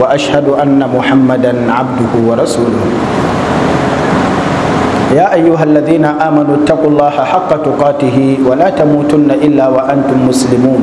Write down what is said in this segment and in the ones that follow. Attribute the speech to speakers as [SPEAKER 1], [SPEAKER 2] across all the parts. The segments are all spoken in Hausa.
[SPEAKER 1] واشهد ان محمدا عبده ورسوله يا ايها الذين امنوا اتقوا الله حق تقاته ولا تموتن الا وانتم مسلمون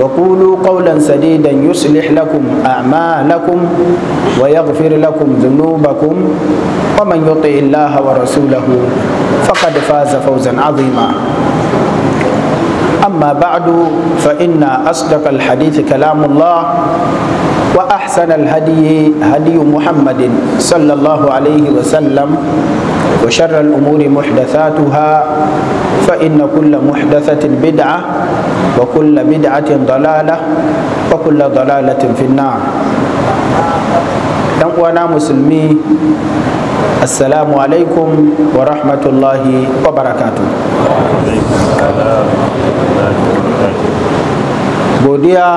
[SPEAKER 1] وقولوا قولا سديدا يصلح لكم أعمالكم ويغفر لكم ذنوبكم ومن يطع الله ورسوله فقد فاز فوزا عظيما أما بعد فإن أصدق الحديث كلام الله وأحسن الهدي هدي محمد صلى الله عليه وسلم وشر الأمور محدثاتها فإن كل محدثة بدعة وكل dalala, ضلالة وكل ضلالة في النار ɗan uwana musulmi assalamu alaikum wa rahmatullahi wa barakatu godiya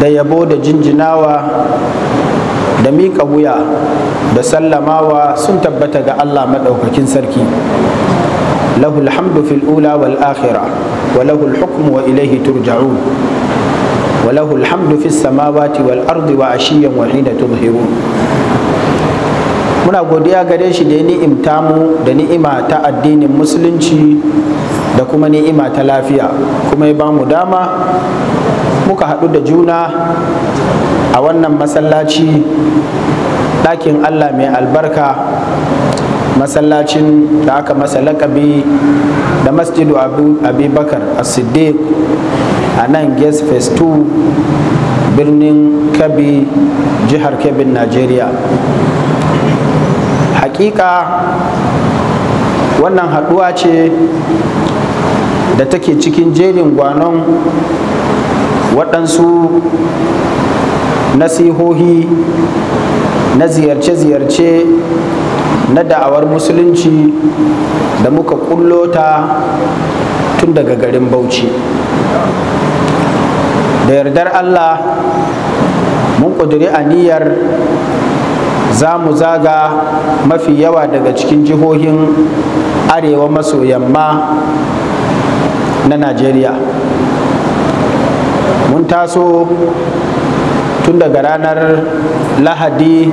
[SPEAKER 1] da yabo da jinjinawa da miƙa wuya da sallamawa sun tabbata ga allah maɗaukakin sarki lahul hamdu fil ula wal akhirah وله الحكم وإليه ترجعون وله الحمد في السماوات والأرض وعشيا وحين تظهرون muna godiya gare shi da ya ni'imta mu da ni'ima ta addinin musulunci da kuma ni'ima ta lafiya kuma ya ba mu dama muka haɗu da juna a wannan masallaci dakin allah mai albarka masallacin da aka masa lakabi da masjidu abubakar a siddiq a nan guest phase 2 birnin kabi jihar Kebbi, najeriya hakika wannan haɗuwa ce da take cikin jerin gwanon waɗansu nasihohi na ziyarce-ziyarce na da'awar musulunci da muka kullo ta tun daga garin bauchi da yardar allah mun ƙudiri aniyar za mu zaga mafi yawa daga cikin jihohin arewa maso yamma na najeriya mun taso tun daga ranar lahadi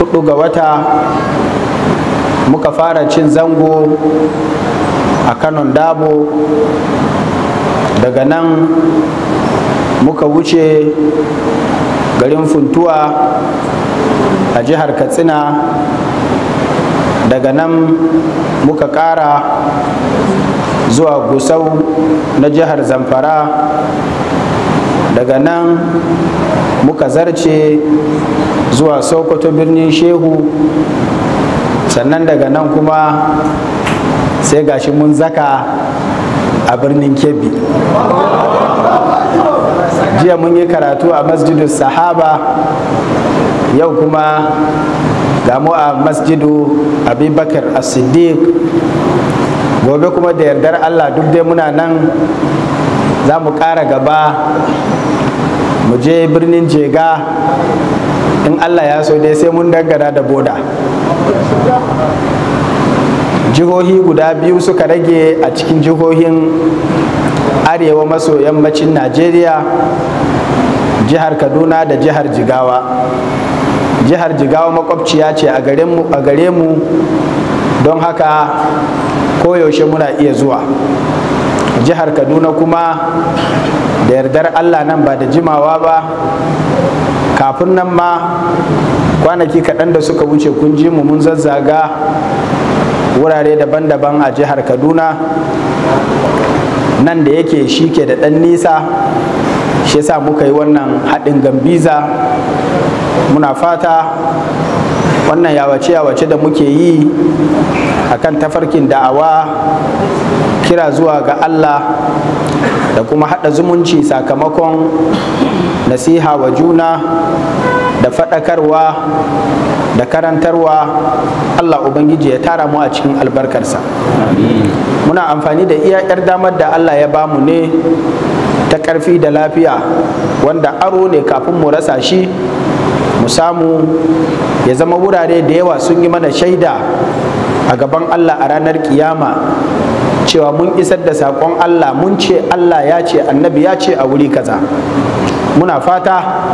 [SPEAKER 1] hudu ga wata muka fara cin zango a kanon dabo daga nan muka wuce garin funtuwa a jihar katsina daga nan muka ƙara zuwa gusau na jihar zamfara daga nan muka zarce zuwa sokoto birnin shehu sannan daga nan kuma sai gashi mun zaka a birnin kebbi jiya mun yi karatu a masjidin sahaba yau kuma gamu a masjidu abubakar as-siddiq gobe kuma da yardar allah duk dai muna nan za mu ƙara gaba mu je birnin jega in allah ya so dai sai mun dangana da boda jihohi guda biyu suka rage a cikin jihohin arewa maso yammacin najeriya jihar kaduna da jihar jigawa jihar jigawa makwabciya ce a gare mu don haka koyaushe muna iya zuwa jihar kaduna kuma da yardar allah nan ba da jimawa ba kafin nan ma kwanaki kaɗan da suka wuce kun ji mu mun zazzaga wurare daban-daban a jihar kaduna nan da yake shi ke da ɗan nisa shi yasa muka yi wannan haɗin gambiza muna fata wannan yawace-yawace da muke yi akan tafarkin da'awa kira zuwa ga Allah da kuma haɗa zumunci sakamakon nasiha wa juna da faɗakarwa da karantarwa Allah Ubangiji ya tara mu a cikin albarkarsa muna amfani da iya 'yar damar da Allah ya bamu ne ta ƙarfi da lafiya wanda aro ne kafin mu rasa shi mu samu ya zama wurare da yawa sun yi mana shaida a gaban Allah a ranar kiyama cewa mun isar da saƙon Allah mun ce Allah ya ce annabi ya ce a wuri kaza muna fata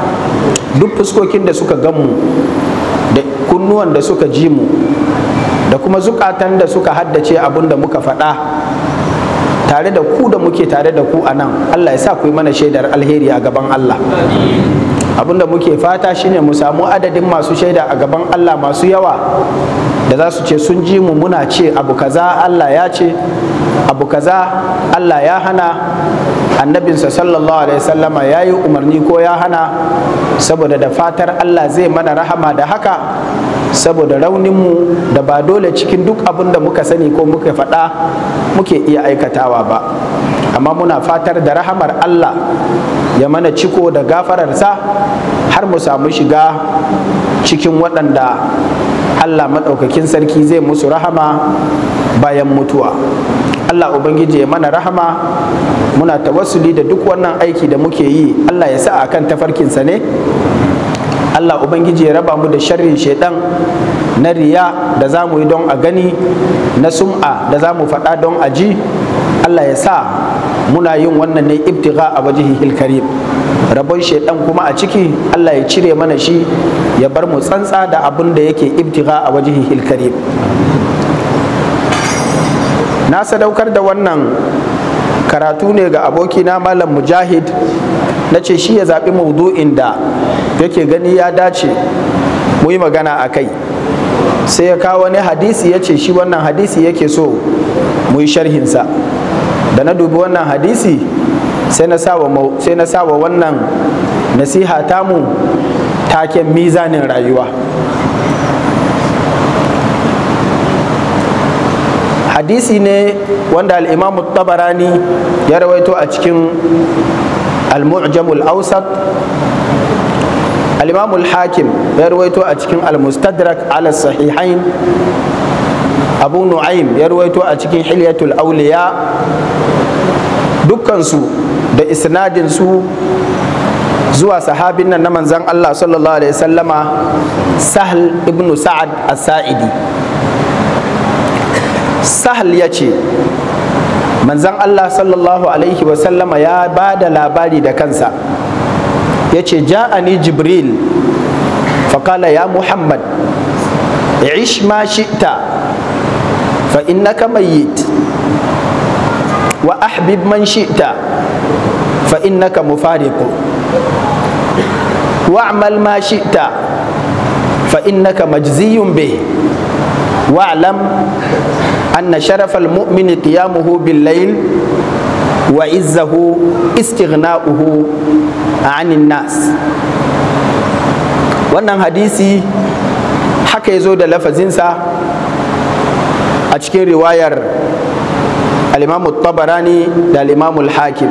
[SPEAKER 1] duk fuskokin da suka ganmu da kunnuwan da suka ji mu da kuma zukatan da suka haddace abun da muka faɗa tare da ku da muke tare da ku a nan Allah ya sa ku yi mana shaidar alheri a gaban Allah da muke fata shine mu samu adadin masu shaida a gaban Allah masu yawa da za su ce sun ji mu muna ce abu kaza Allah ya ce abu kaza Allah ya hana annabinsa sallallahu alaihi sallama ya yi umarni ko ya hana saboda da fatar Allah zai mana rahama da haka saboda rauninmu da ba dole cikin duk abin da muka sani ko muka faɗa muke iya aikatawa ba amma muna fatar da rahamar Allah ya mana ciko da gafararsa har mu samu shiga cikin waɗanda Allah maɗaukakin sarki zai musu rahama bayan mutuwa Allah Ubangiji ya mana rahama muna tawassuli da duk wannan aiki da muke yi Allah ya sa a kan tafarkinsa ne Allah Ubangiji ya raba mu da sharrin shaidan na riya da za mu yi don a gani na sum'a da za mu faɗa don a ji Allah ya sa muna yin wannan ne ibtiga a wajihil karim rabon shaidan kuma a ciki Allah ya cire mana shi ya bar mu tsantsa da abin da yake ibtiga a wajihil karim na sadaukar da wannan karatu ne ga abokina malam mujahid na ce shi ya zaɓi maudu'in da yake gani ya dace mu yi magana a kai sai ya kawo wani hadisi ya ce shi wannan hadisi yake so mu yi sharhinsa da na dubi wannan hadisi sai na sawa wannan nasiha mu taken mizanin rayuwa hadisi ne wanda al'imamu tabarani ya rawaito a cikin al-mu'jamul ausat al hakim ya rawaito a cikin al-mustadrak ala sahihain abu nu'aim ya ruwaito a cikin hilyatul auliya dukkansu da isnadin su zuwa sahabin nan na manzan Allah sallallahu alaihi sallama sahl ibn sa'ad as-sa'idi Sahl ya ce manzan Allah sallallahu alaihi sallama ya ba da labari da kansa ya ce ja'ani jibril faƙala ya muhammad ish ma shi'ta fa innaka mayyit wa ahbib man shi'ta fa innaka mufariqu wa'mal ma shi'ta fa innaka majziyun bih wa'lam anna sharafal mu'mini qiyamuhu bil layl wa izzahu istighna'uhu 'anil nas wannan hadisi haka zo da lafazinsa a cikin riwayar al-imamu tabarani da al-imamu hakim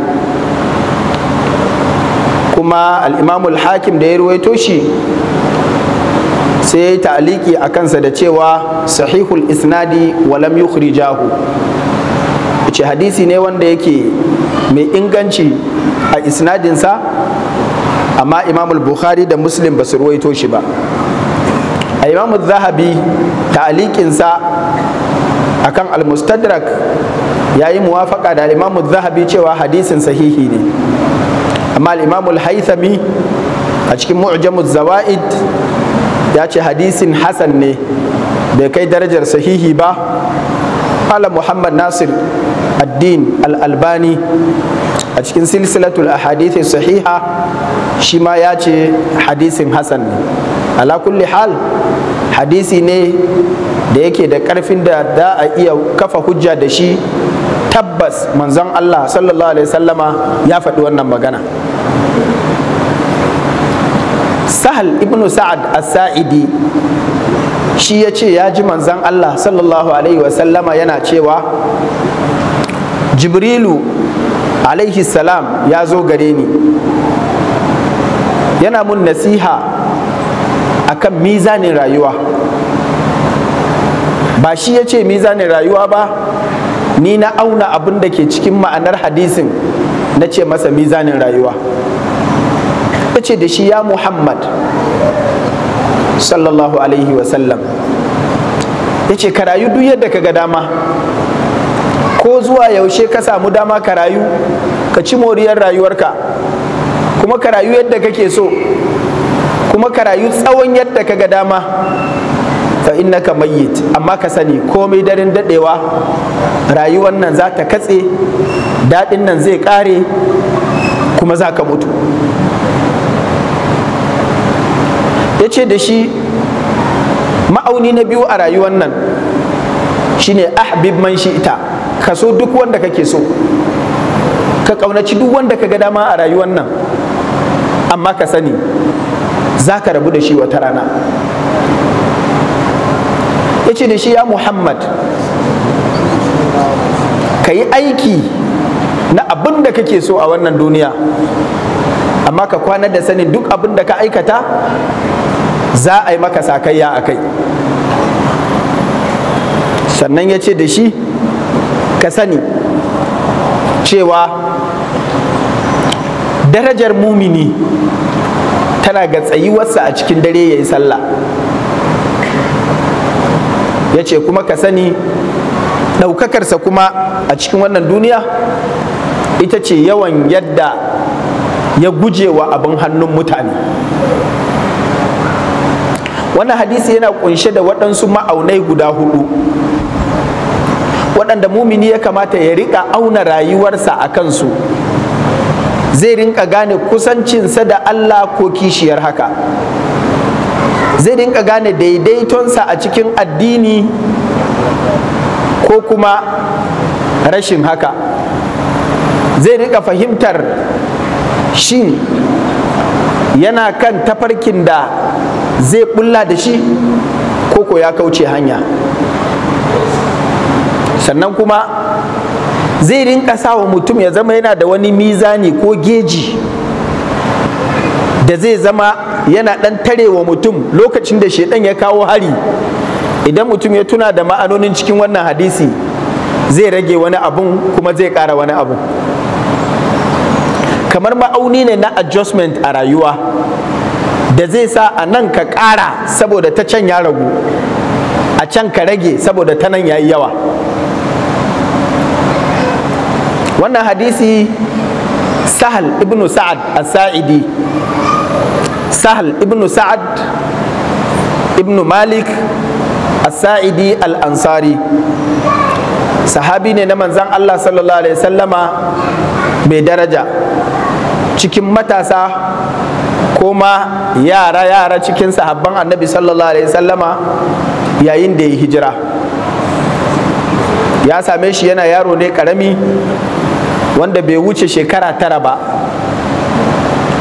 [SPEAKER 1] kuma al-imamu hakim da ya ruwaito shi sai ya a kansa da cewa sahihul isnadi walam yukhrijahu ce hadisi ne wanda yake mai inganci a isnadinsa amma imamul bukhari da muslim ba su ruwaito shi ba a imamu zahabi ta'alikinsa akan al-mustadrak yayi muwafaka da al-imam zahabi cewa hadisin sahihi ne amma al-imam al-haythami a cikin mu'jamuz zawaid ya ce hadisin hasan ne bai kai darajar sahihi ba قال محمد ناصر الدين الألباني أتكن سلسلة الأحاديث ya ce hadisin Hassan ne. ala kulli hal hadisi ne da yake da karfin da za a iya kafa hujja da shi tabbas manzon Allah sallallahu alaihi sallama ya faɗi wannan magana sahal ibnu sa'ad as-sa'idi shi ya ce ya ji manzon Allah sallallahu alaihi wasallama yana cewa jibrilu alaihi salam ya zo gare ni yana mun nasiha akan mizanin rayuwa ba shi ya ce mizanin rayuwa ba ni na auna abin da ke cikin ma'anar hadisin na ce masa mizanin rayuwa ya ce da shi ya muhammad sallallahu alaihi wasallam ya ce ka rayu duk yadda ka ga dama ko zuwa yaushe ka samu dama ka rayu ka ci moriyar rayuwarka kuma ka rayu yadda kake so kuma ka rayu tsawon yadda ka ga dama fa innaka mayyit amma ka sani komai darin daɗewa, rayuwar nan za ta katse daɗin nan zai ƙare kuma za ka mutu ya ce da shi ma'auni na biyu a rayuwar nan shine ahbib man shi ita ka so duk wanda kake so ka ƙaunaci duk wanda ka ga dama a rayuwar nan amma ka sani za ka rabu da shi wata rana ya ce da shi ya muhammad ka yi aiki na abin da kake so a wannan duniya amma ka kwana da sanin duk abin da ka aikata za a yi maka sakayya a kai sannan ya ce da shi ka sani cewa darajar mumini tana ga tsayuwarsa a cikin dare ya yi sallah ya ce kuma ka sani ɗaukakarsa kuma a cikin wannan duniya ita ce yawan yadda ya guje wa abin hannun mutane wannan hadisi yana kunshe da waɗansu ma'aunai guda hudu waɗanda mumini ya kamata ya riƙa auna rayuwarsa a kansu zai rinka gane kusancinsa da Allah ko kishiyar haka zai rinka gane daidaitonsa a cikin addini ko kuma rashin haka zai rinka fahimtar shin yana kan tafarkin da zai bulla da shi koko ya kauce hanya sannan kuma zai rinka wa mutum ya zama yana da wani mizani ko geji da zai zama yana ɗan wa mutum lokacin da shaidan ya kawo hari idan mutum ya tuna da ma'anonin cikin wannan hadisi zai rage wani abun kuma zai ƙara wani abun kamar ma'auni ne na adjustment a rayuwa da zai sa a nan ka ƙara saboda ta can ya ragu a can ka rage saboda ta nan ya yi yawa wannan hadisi sahal ibnu sa'ad as-sa'idi sahal ibnu sa'ad ibnu malik as-sa'idi al-ansari sahabi ne na manzan Allah sallallahu alaihi sallama mai daraja cikin matasa kuma yara-yara cikin sahabban annabi sallallahu alaihi sallama yayin da ya hijira ya same shi yana yaro ne karami wanda bai wuce shekara tara ba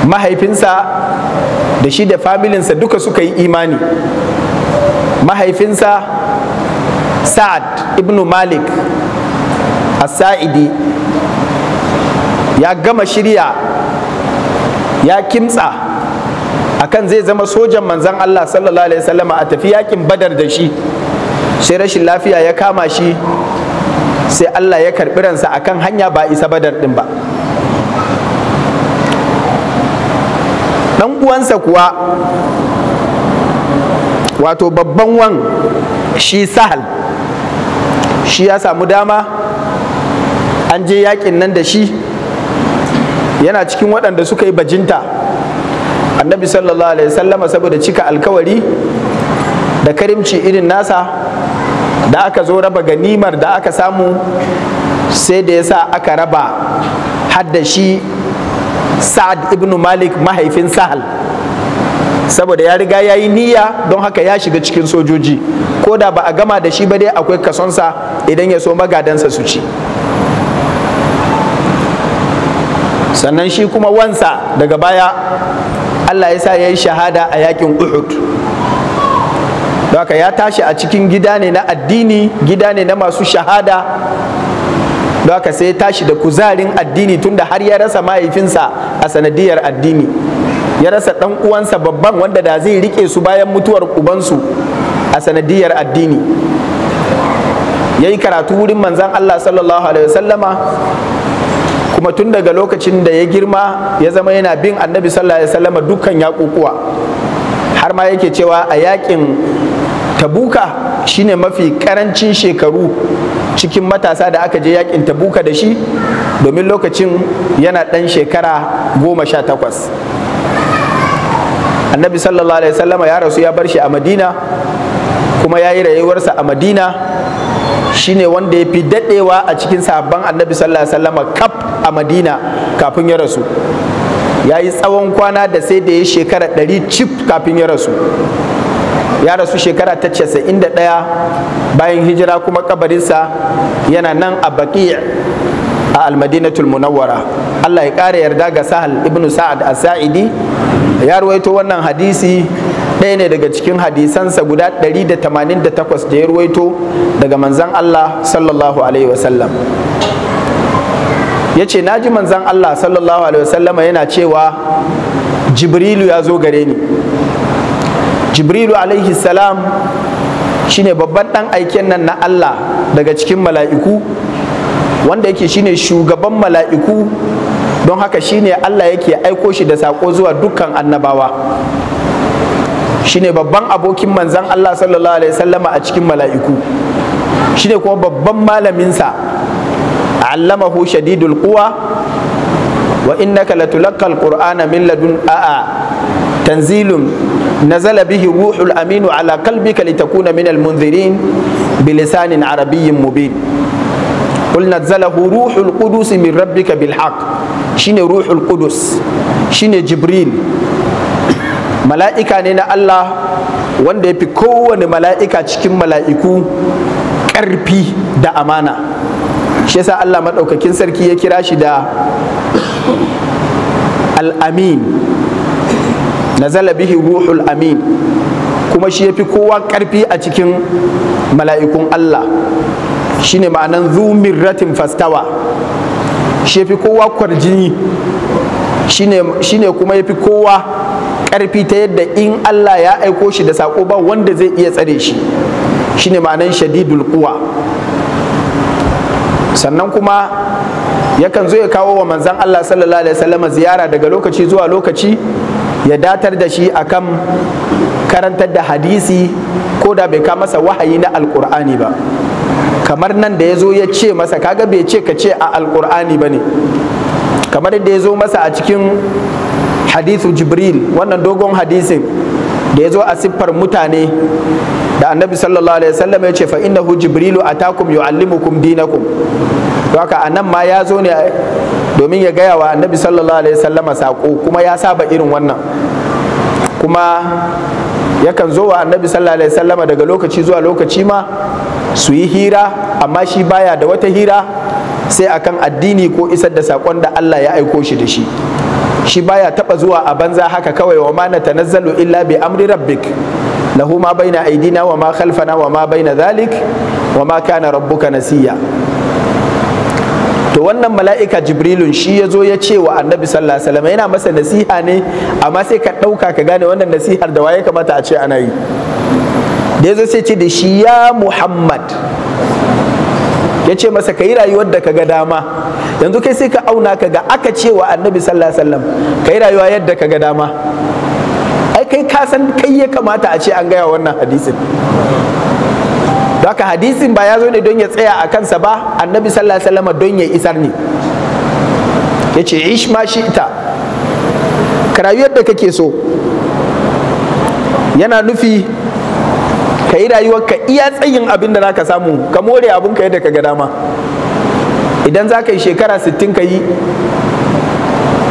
[SPEAKER 1] mahaifinsa da shi da familinsa duka suka yi imani mahaifinsa sa'ad ibn malik as-sa'idi ya gama shirya ya kimtsa akan zai zama sojan manzan Allah sallallahu alaihi wasallam a tafi yakin badar da shi sai rashin lafiya ya kama shi sai Allah ya karɓi ransa a kan hanya ba isa ba ɗin ba ɗan uwansa kuwa wato babban wan shi sahal shi ya samu dama an je yakin nan da shi yana cikin waɗanda suka yi bajinta annabi sallallahu alaihi wasallama saboda cika alkawari da karimci irin nasa da aka zo raba ganimar da aka samu sai da yasa aka raba hadda shi sa'ad ibn malik mahaifin sahal saboda ya riga ya yi niyya don haka ya shiga cikin sojoji ko da ba a gama da shi ba dai akwai kasonsa idan ya so magadansa su ci sannan shi kuma wansa daga baya allah ya sa ya yi shahada a yakin uhud haka ya tashi a cikin gida ne na addini gida ne na masu shahada don haka sai ya tashi da kuzarin addini tunda har ya rasa mahaifinsa a sanadiyar addini ya rasa dan uwansa babban wanda da zai rike su bayan mutuwar ubansu a sanadiyar addini ya yi karatu wurin manzan Allah sallallahu alaihi wasallama kuma tun daga lokacin da ya girma ya zama yana bin annabi sallallahu alaihi wasallama dukkan kukuwa har ma yake cewa a yakin. tabuka shine mafi karancin shekaru cikin matasa da aka je yakin tabuka da shi domin lokacin yana ɗan shekara goma sha takwas annabi sallallahu alaihi wasallama ya rasu ya bar shi a madina kuma ya yi rayuwarsa a madina shine wanda ya fi daɗewa a cikin sabon annabi sallallahu alaihi wasallama kaf a madina kafin ya rasu ya yi tsawon kwana da sai da ya shekara ɗari cif kafin ya rasu ya rasu shekara ta casa'in da ɗaya, bayan hijira kuma kabarinsa yana nan a baki a almadinatul munawwara Allah ya ƙara yarda ga sahal ibnu sa'ad asa'idi saidi ya ruwaito wannan hadisi ɗaya ne daga cikin hadisansa guda 188 da ya ruwaito daga manzan Allah sallallahu alaihi wasallam ya ce na ji manzan Allah sallallahu alaihi wasallama yana cewa jibrilu ya zo gare ni jibrilu alaihi salam shine babban ɗan aiken nan na Allah daga cikin mala'iku wanda yake shine shugaban mala'iku don haka shine Allah yake aiko shi da sako zuwa dukkan annabawa shine babban abokin manzan Allah sallallahu alaihi wasallama a cikin mala'iku shine kuma babban malaminsa allamahu shadidul quwa wa innaka latulaqqal qur'ana min ladun a'a tanzilun nazala bihi ruhul aminu ala kalbika litakuna minal munzirin bilisanin arabiyyin mubin قل نزله روح min من ربك بالحق شيني روح القدس شيني جبريل mala'ika ne na Allah wanda ya fi kowane mala'ika cikin mala'iku ƙarfi da amana shi yasa Allah maɗaukakin sarki ya kira shi da al-Amin. nazala bihi ruhul amin kuma shi ya fi kowa karfi a cikin mala'ikun Allah Shi ne ma'anan zu ratin fastawa shi ya fi kowa kwarjini ne kuma ya fi kowa karfi ta yadda in Allah ya aiko shi da saƙo ba wanda zai iya tsare shi Shi ne ma'anan shadidul kuwa sannan kuma yakan zo ya kawo wa manzan Allah sallallahu alaihi wasallama ziyara daga lokaci zuwa lokaci ya datar da shi akan karantar da hadisi ko da bai kama masa wahayi na alkur'ani ba kamar nan da ya zo ya ce masa kaga bai ce ka ce a alkur'ani ba ne kamar da ya zo masa a cikin hadithu jibril wannan dogon hadisin da ya zo a siffar mutane da annabi sallallahu alaihi wasallam ya ce fa innahu jibrilu atakum yuallimukum dinakum haka anan ma ya zo ne domin ya gaya wa annabi sallallahu alaihi sallama saƙo kuma ya saba irin wannan kuma yakan zo wa annabi sallallahu alaihi sallama daga lokaci zuwa lokaci ma su yi hira amma shi baya da wata hira sai akan addini ko isar da sakon da Allah ya aiko shi da shi shi baya taba zuwa a banza haka kawai wa ma natanazzalu illa bi amri rabbik lahu ma baina aidina wa ma khalfana wa ma baina dhalik wa ma kana rabbuka nasiya to wannan mala'ika jibrilun shi ya zo ya ce wa annabi sallallahu alaihi wasallam yana masa nasiha ne amma sai ka ɗauka ka gane wannan nasihar da waye kamata a ce ana yi da ya zo sai ce da shi ya muhammad ya ce masa ka yi rayuwar da ka ga dama yanzu kai sai ka auna ka ga aka ce wa annabi sallallahu alaihi wasallam ka yi rayuwa yadda ka ga dama ai kai ka san kai ya kamata a ce an gaya wannan hadisin haka hadisin ba ya zo ne don ya tsaya a kansa ba annabi sallallahu alaihi wasallam don ya isar ne ya ce ish ma shi ita ka da kake so yana nufi ka yi rayuwar ka iya tsayin abin da zaka samu ka more abin ka yadda ka ga dama idan za ka yi shekara 60 ka yi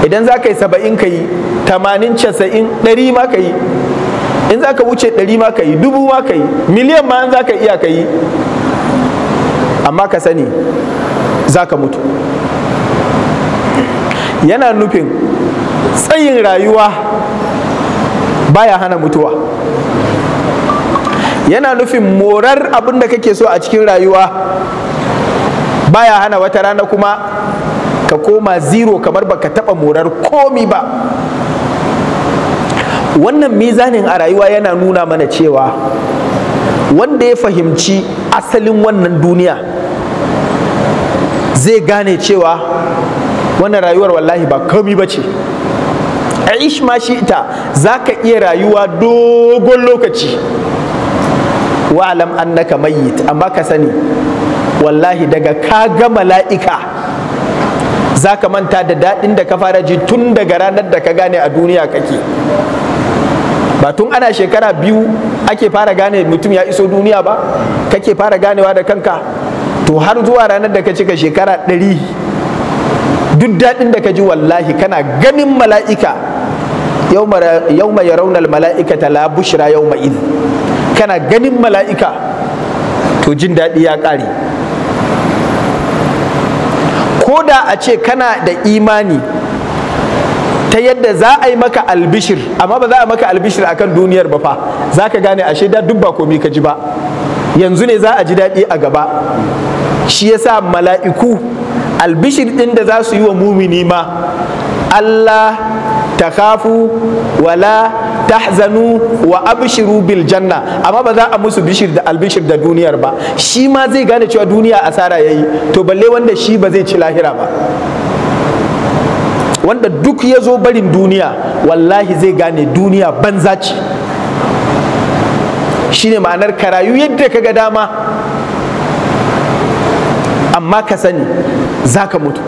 [SPEAKER 1] idan za ka yi 70 ka yi 80 90 100 ma ka yi in za ka wuce ɗari ma ka yi dubu ma ka yi miliyan ma za ka iya ka yi amma ka sani za ka mutu yana nufin tsayin rayuwa baya hana mutuwa yana nufin morar abin da kake so a cikin rayuwa baya hana wata rana kuma ka koma zero kamar baka taba morar komi ba wannan mizanin a rayuwa yana nuna mana cewa wanda ya fahimci asalin wannan duniya zai gane cewa wannan rayuwar wallahi ba komi ba ce aish ma shi ita za ka iya rayuwa dogon lokaci wa'alam annaka mayyit amma ka sani wallahi daga ka ga mala'ika za ka manta da daɗin da ka fara ji tun daga ranar da ka gane a duniya kake ba tun ana shekara biyu ake fara gane mutum ya iso duniya ba kake fara ganewa da kanka to har zuwa ranar da ka cika shekara ɗari duk daɗin da ka ji wallahi kana ganin mala'ika yau mai raunar mala'ika ta la yau mai kana ganin mala'ika to jin daɗi ya ƙare ko da a ce kana da imani ta yadda za a yi maka albishir amma ba za a maka albishir akan duniyar ba fa za ka gane ashe da duk ba komi ka ji ba yanzu ne za a ji daɗi a gaba shi ya sa mala'iku albishir ɗin da za su yi wa mumini ma Allah ta kafu wala tahzanu wa abshiru bil janna amma ba za a musu bishir da albishir da duniyar ba shi ma zai gane cewa duniya asara yayi to balle wanda shi ba zai ci lahira ba wanda duk ya zo barin duniya wallahi zai gane duniya banza ce Shi ne ma'anar karayu yadda ka ga dama amma ka sani za ka mutu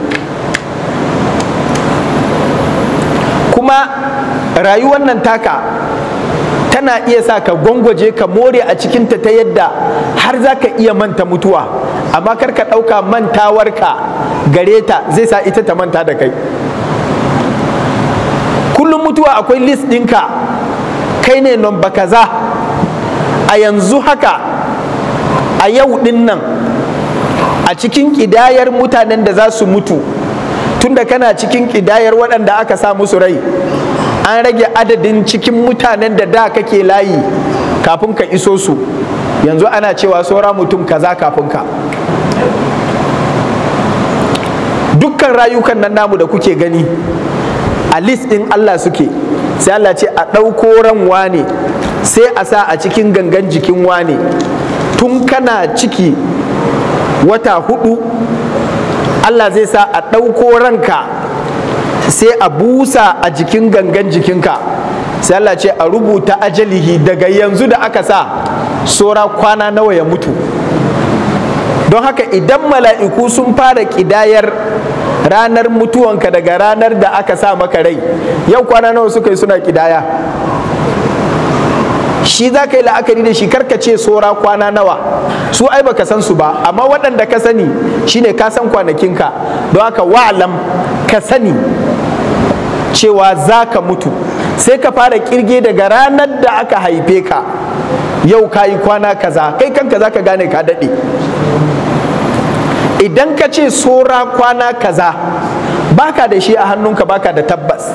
[SPEAKER 1] kuma rayuwar nan taka tana iya sa ka gwangwaje ka more a cikinta ta yadda har za ka iya manta mutuwa amma kar ka ɗauka mantawarka gare ta zai sa ita ta manta da kai kullum mutuwa akwai list ɗinka kai ne ba kaza a yanzu haka a yau ɗin nan a cikin ƙidayar mutanen da za su mutu tunda kana cikin ƙidayar waɗanda aka sa musu rai an rage adadin cikin mutanen da da kake layi kafin ka iso su yanzu ana cewa saura mutum kaza kafin ka dukkan rayukan nan namu da kuke gani a list din Allah suke sai Allah ce a ɗauko ran wane sai a sa a cikin gangan jikin wane tun kana ciki wata hudu Allah zai sa a ɗauko ranka sai a busa a jikin gangan jikinka sai Allah ce a rubuta ajalihi daga yanzu da aka sa sora kwana nawa ya mutu don haka idan mala'iku sun fara kidayar ranar mutuwanka daga ranar da aka sa maka rai yau kwana nawa suka yi suna kidaya shi za ka yi la'akari da shi karka ce sora kwana nawa su ai baka san su ba amma waɗanda ka sani shine ka san ka. don haka wa'alam ka sani cewa za ka mutu sai ka fara kirge daga ranar da aka haife ka yau ka yi kwana kaza kai kanka za ka gane ka daɗe idan ka ce sora kwana kaza baka da shi a hannunka baka da tabbas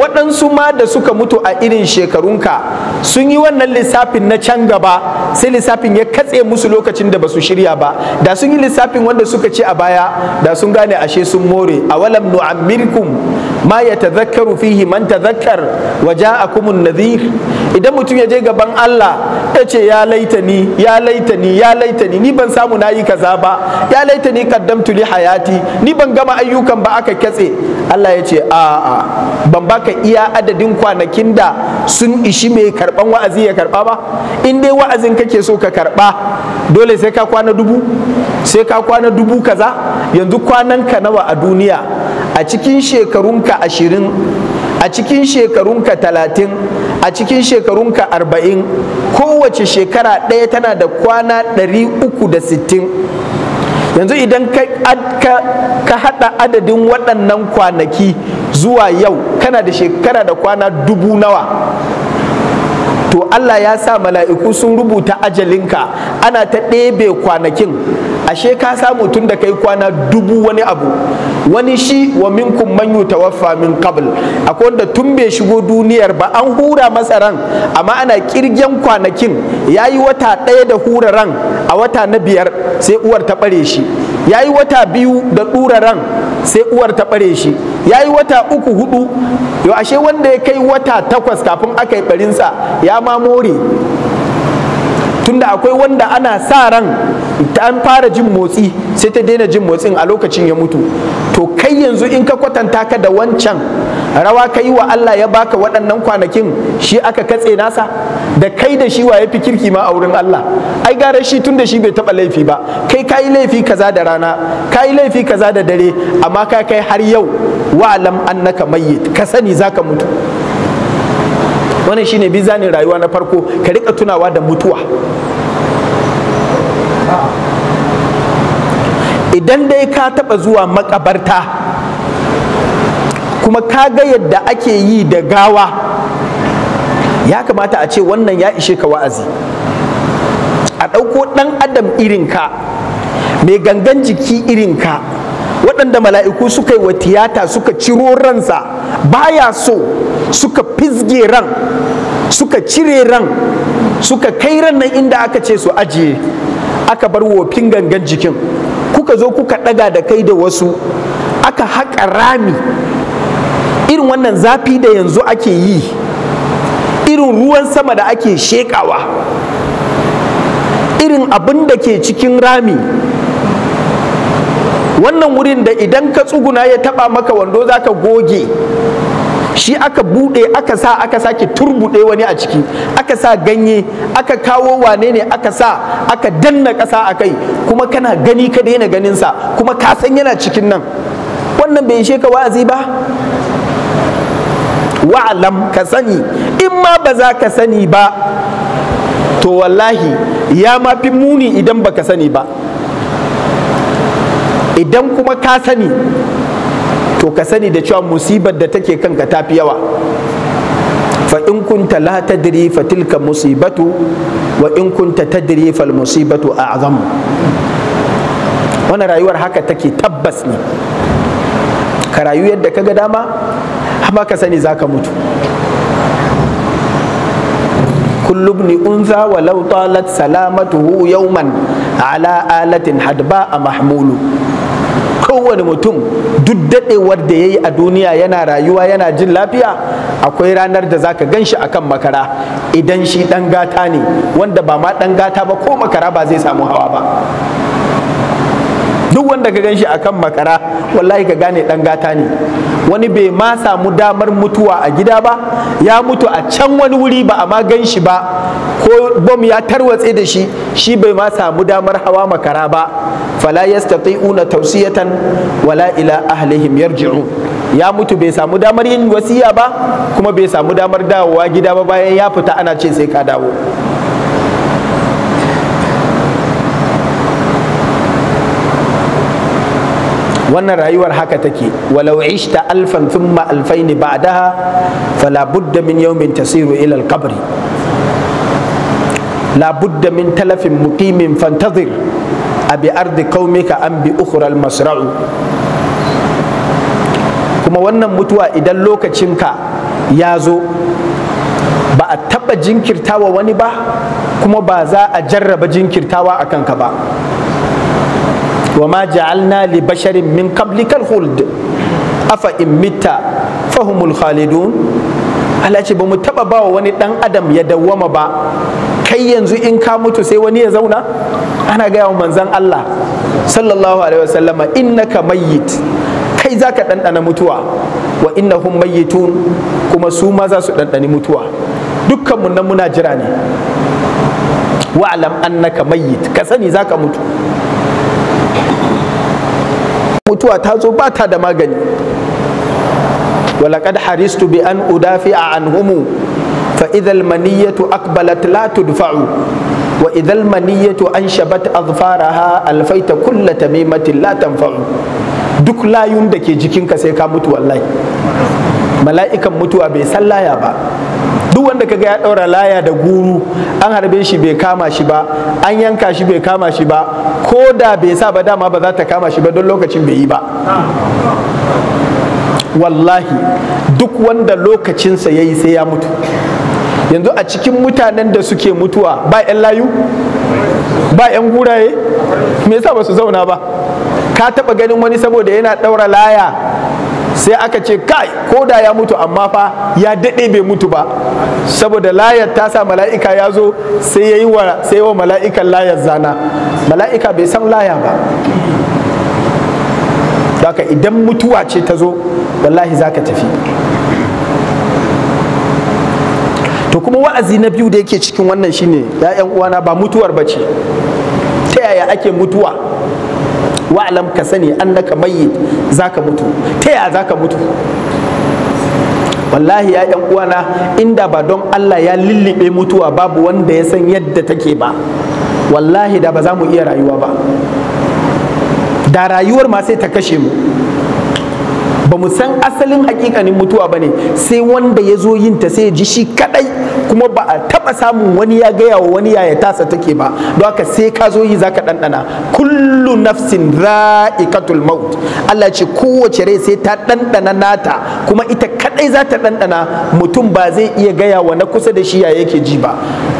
[SPEAKER 1] waɗansu ma da suka mutu a irin shekarunka sun yi wannan lissafin na can gaba sai lissafin ya katse musu lokacin da ba su shirya ba da sun yi lissafin wanda suka ci a baya da sun gane ashe sun more a walam nu'ammirkum ma ya tazakkaru fihi man tazakkar wa ja'akumun nadhir idan mutum ya je gaban Allah ya ce ya laitani ya laitani ya laitani ni ban samu nayi kaza ba ya laitani kaddamtu li hayati ni ban gama ayyukan ba aka katse Allah ya ce a'a ban ba maka iya adadin kwanakin da sun ishi mai karban wa'azi ya karba ba in dai wa'azin kake so ka karɓa dole sai ka kwana dubu sai ka kwana dubu kaza yanzu kwanan ka nawa a duniya a cikin shekarunka ashirin a cikin shekarunka talatin a cikin shekarunka arba'in kowace shekara ɗaya tana da kwana ɗari uku da sittin yanzu idan ka haɗa adadin waɗannan kwanaki zuwa yau kana da shekara da kwana dubu nawa to Allah ya sa mala'iku sun rubuta ajalinka ana ta ɗebe kwanakin ashe ka samu tun da kai kwana dubu wani abu wani shi wa minkum man yutawaffa min qabl akwai wanda tun bai shigo duniyar ba an hura masa ran amma ana kirgen kwanakin yayi wata ɗaya da hura ran a wata na biyar sai uwar ta bare shi yayi wata biyu da dura ran sai uwar ta bare shi yayi wata uku hudu yau ashe wanda ya kai wata takwas kafin aka yi barinsa ya ma more tunda akwai wanda ana sa ran ta an fara jin motsi sai ta daina jin motsin a lokacin ya mutu to kai yanzu in ka kwatanta ka da wancan rawa ka yi wa Allah ya baka waɗannan kwanakin shi aka katse nasa da kai da shi wa ya fi kirki ma a wurin Allah ai gara shi tun da shi bai taɓa laifi ba kai ka yi laifi kaza da rana ka yi laifi kaza da dare amma ka kai har yau wa'alam annaka mayyit ka sani zaka mutu wannan shine bizanin rayuwa na farko ka rika tunawa da mutuwa idan dai ka taba zuwa makabarta kuma ka ga yadda ake yi da gawa ya kamata a ce wannan ya ishe ka wa'azi a ɗauko ɗan adam irinka mai gangan jiki irinka waɗanda mala'iku suka yi wa tiyata suka ciro ransa baya so suka fizge ran suka cire ran suka kai ran nan inda aka ce su ajiye aka bar wofin gangan jikin kuka zo kuka ɗaga da kai da wasu aka haƙa rami irin wannan zafi da yanzu ake yi irin ruwan sama da ake sheƙawa irin abin da ke cikin rami wannan wurin da idan ka tsuguna ya taba maka wando zaka goge shi aka bude aka sa aka sake turbude wani a ciki aka sa ganye aka kawo wane ne aka sa aka danna ƙasa a kai kuma kana gani ka daina ganinsa kuma ka san yana cikin nan wannan bai ishe ka wa'azi ba wa'alam ka sani in ma ba za ka sani ba to wallahi ya ma fi muni idan ba ka sani ba idan kuma ka sani to ka sani da cewa musibar da take kanka ta fi yawa fa in kunta la tadri fa tilka musibatu wa in kunta tadri fal musibatu a'zam wannan rayuwar haka take tabbas ne ka rayu yadda ka ga dama amma ka sani zaka mutu kullum ibn unza walau talat salamatuhu yawman ala alatin hadba a mahmulu kowane mutum duk daɗewar da ya yi a duniya yana rayuwa yana jin lafiya akwai ranar da zaka gan shi akan makara idan shi ɗan gata ne wanda ba ma ɗan gata ba ko makara ba zai samu hawa ba duk wanda ka gan shi kan makara wallahi ka gane dan gata ne wani bai ma samu damar mutuwa a gida ba ya mutu a can wani wuri ba a ma gan shi ba ko bom ya tarwatse da shi shi bai ma samu damar hawa makara ba fala yastati'una tawsiyatan wala ila ahlihim yarji'u ya mutu bai samu damar yin wasiya ba kuma bai samu damar dawowa gida ba bayan ya fita ana ce sai ka dawo wannan rayuwar haka take walau ishta alfan thumma alfain ba'daha fala budda min yawmin tasiru ila al-qabr la budda min talafin muqimin fantazir abi ardi qaumika an bi ukhra al-masra'u kuma wannan mutuwa idan lokacinka ya zo ba a taɓa jinkirtawa wani ba kuma ba za a jarraba jinkirtawa a kanka ba wa ma ja'alna li basharin min qablikal khuld afa in mitta fahumul khalidun Allah ce ba mu taba bawa wani dan adam ya dawwama ba kai yanzu in ka mutu sai wani ya zauna ana gaya wa manzon Allah sallallahu alaihi wasallama innaka mayyit kai zaka ɗanɗana mutuwa wa innahum mayyitun kuma su ma za su ɗanɗani mutuwa dukkan na nan muna jira ne wa'lam annaka mayyit ka sani zaka mutu mutuwa ta zo ba ta da magani walaƙad haristu bi an udafi a an humu fa idal maniyyatu akbalat la tudfa'u wa idal maniyyatu an shabat azfara ha alfaita kulla tamimatin la tanfa'u duk layun da ke jikinka sai ka mutu wallahi mala'ikan mutuwa bai san laya ba duk wanda kaga ya daura laya da guru an harbe shi bai kama shi ba an yanka shi bai kama shi ba ko da bai sa ba dama ba za ta kama shi ba don lokacin bai yi ba wallahi duk wanda lokacinsa ya yi sai ya mutu yanzu a cikin mutanen da suke mutuwa ba 'yan layu ba 'yan guraye me yasa ba su zauna ba ka taba ganin wani saboda yana daura laya sai aka ce kai ko da ya mutu amma fa ya daɗe bai mutu ba saboda layar ta sa mala'ika ya zo sai ya yi wa sai wa mala'ikan layar zana mala'ika bai san laya ba haka idan mutuwa ce ta zo wallahi za ka tafi to kuma wa'azi na biyu da yake cikin wannan shine ya uwana ba mutuwar ba ce ta yaya ake mutuwa wa'alam ka sani annaka mayyit zaka mutu ta ya zaka mutu wallahi ya yan uwana inda ba don Allah ya lulluɓe mutuwa babu wanda ya san yadda take ba wallahi da ba za mu iya rayuwa ba da rayuwar ma sai ta kashe mu ba mu san asalin hakikanin mutuwa ba ne sai wanda ya zo yin ta sai ji shi kadai kuma ba a taba samun wani ya gaya wa wani yaya tasa take ba don haka sai ka zo yi zaka ɗanɗana kullu nafsin ra'ikatul maut Allah ce kowace rai sai ta ɗanɗana nata kuma ita kaɗai za ta ɗanɗana mutum ba zai iya gaya wa na kusa da shi ya yake ji ba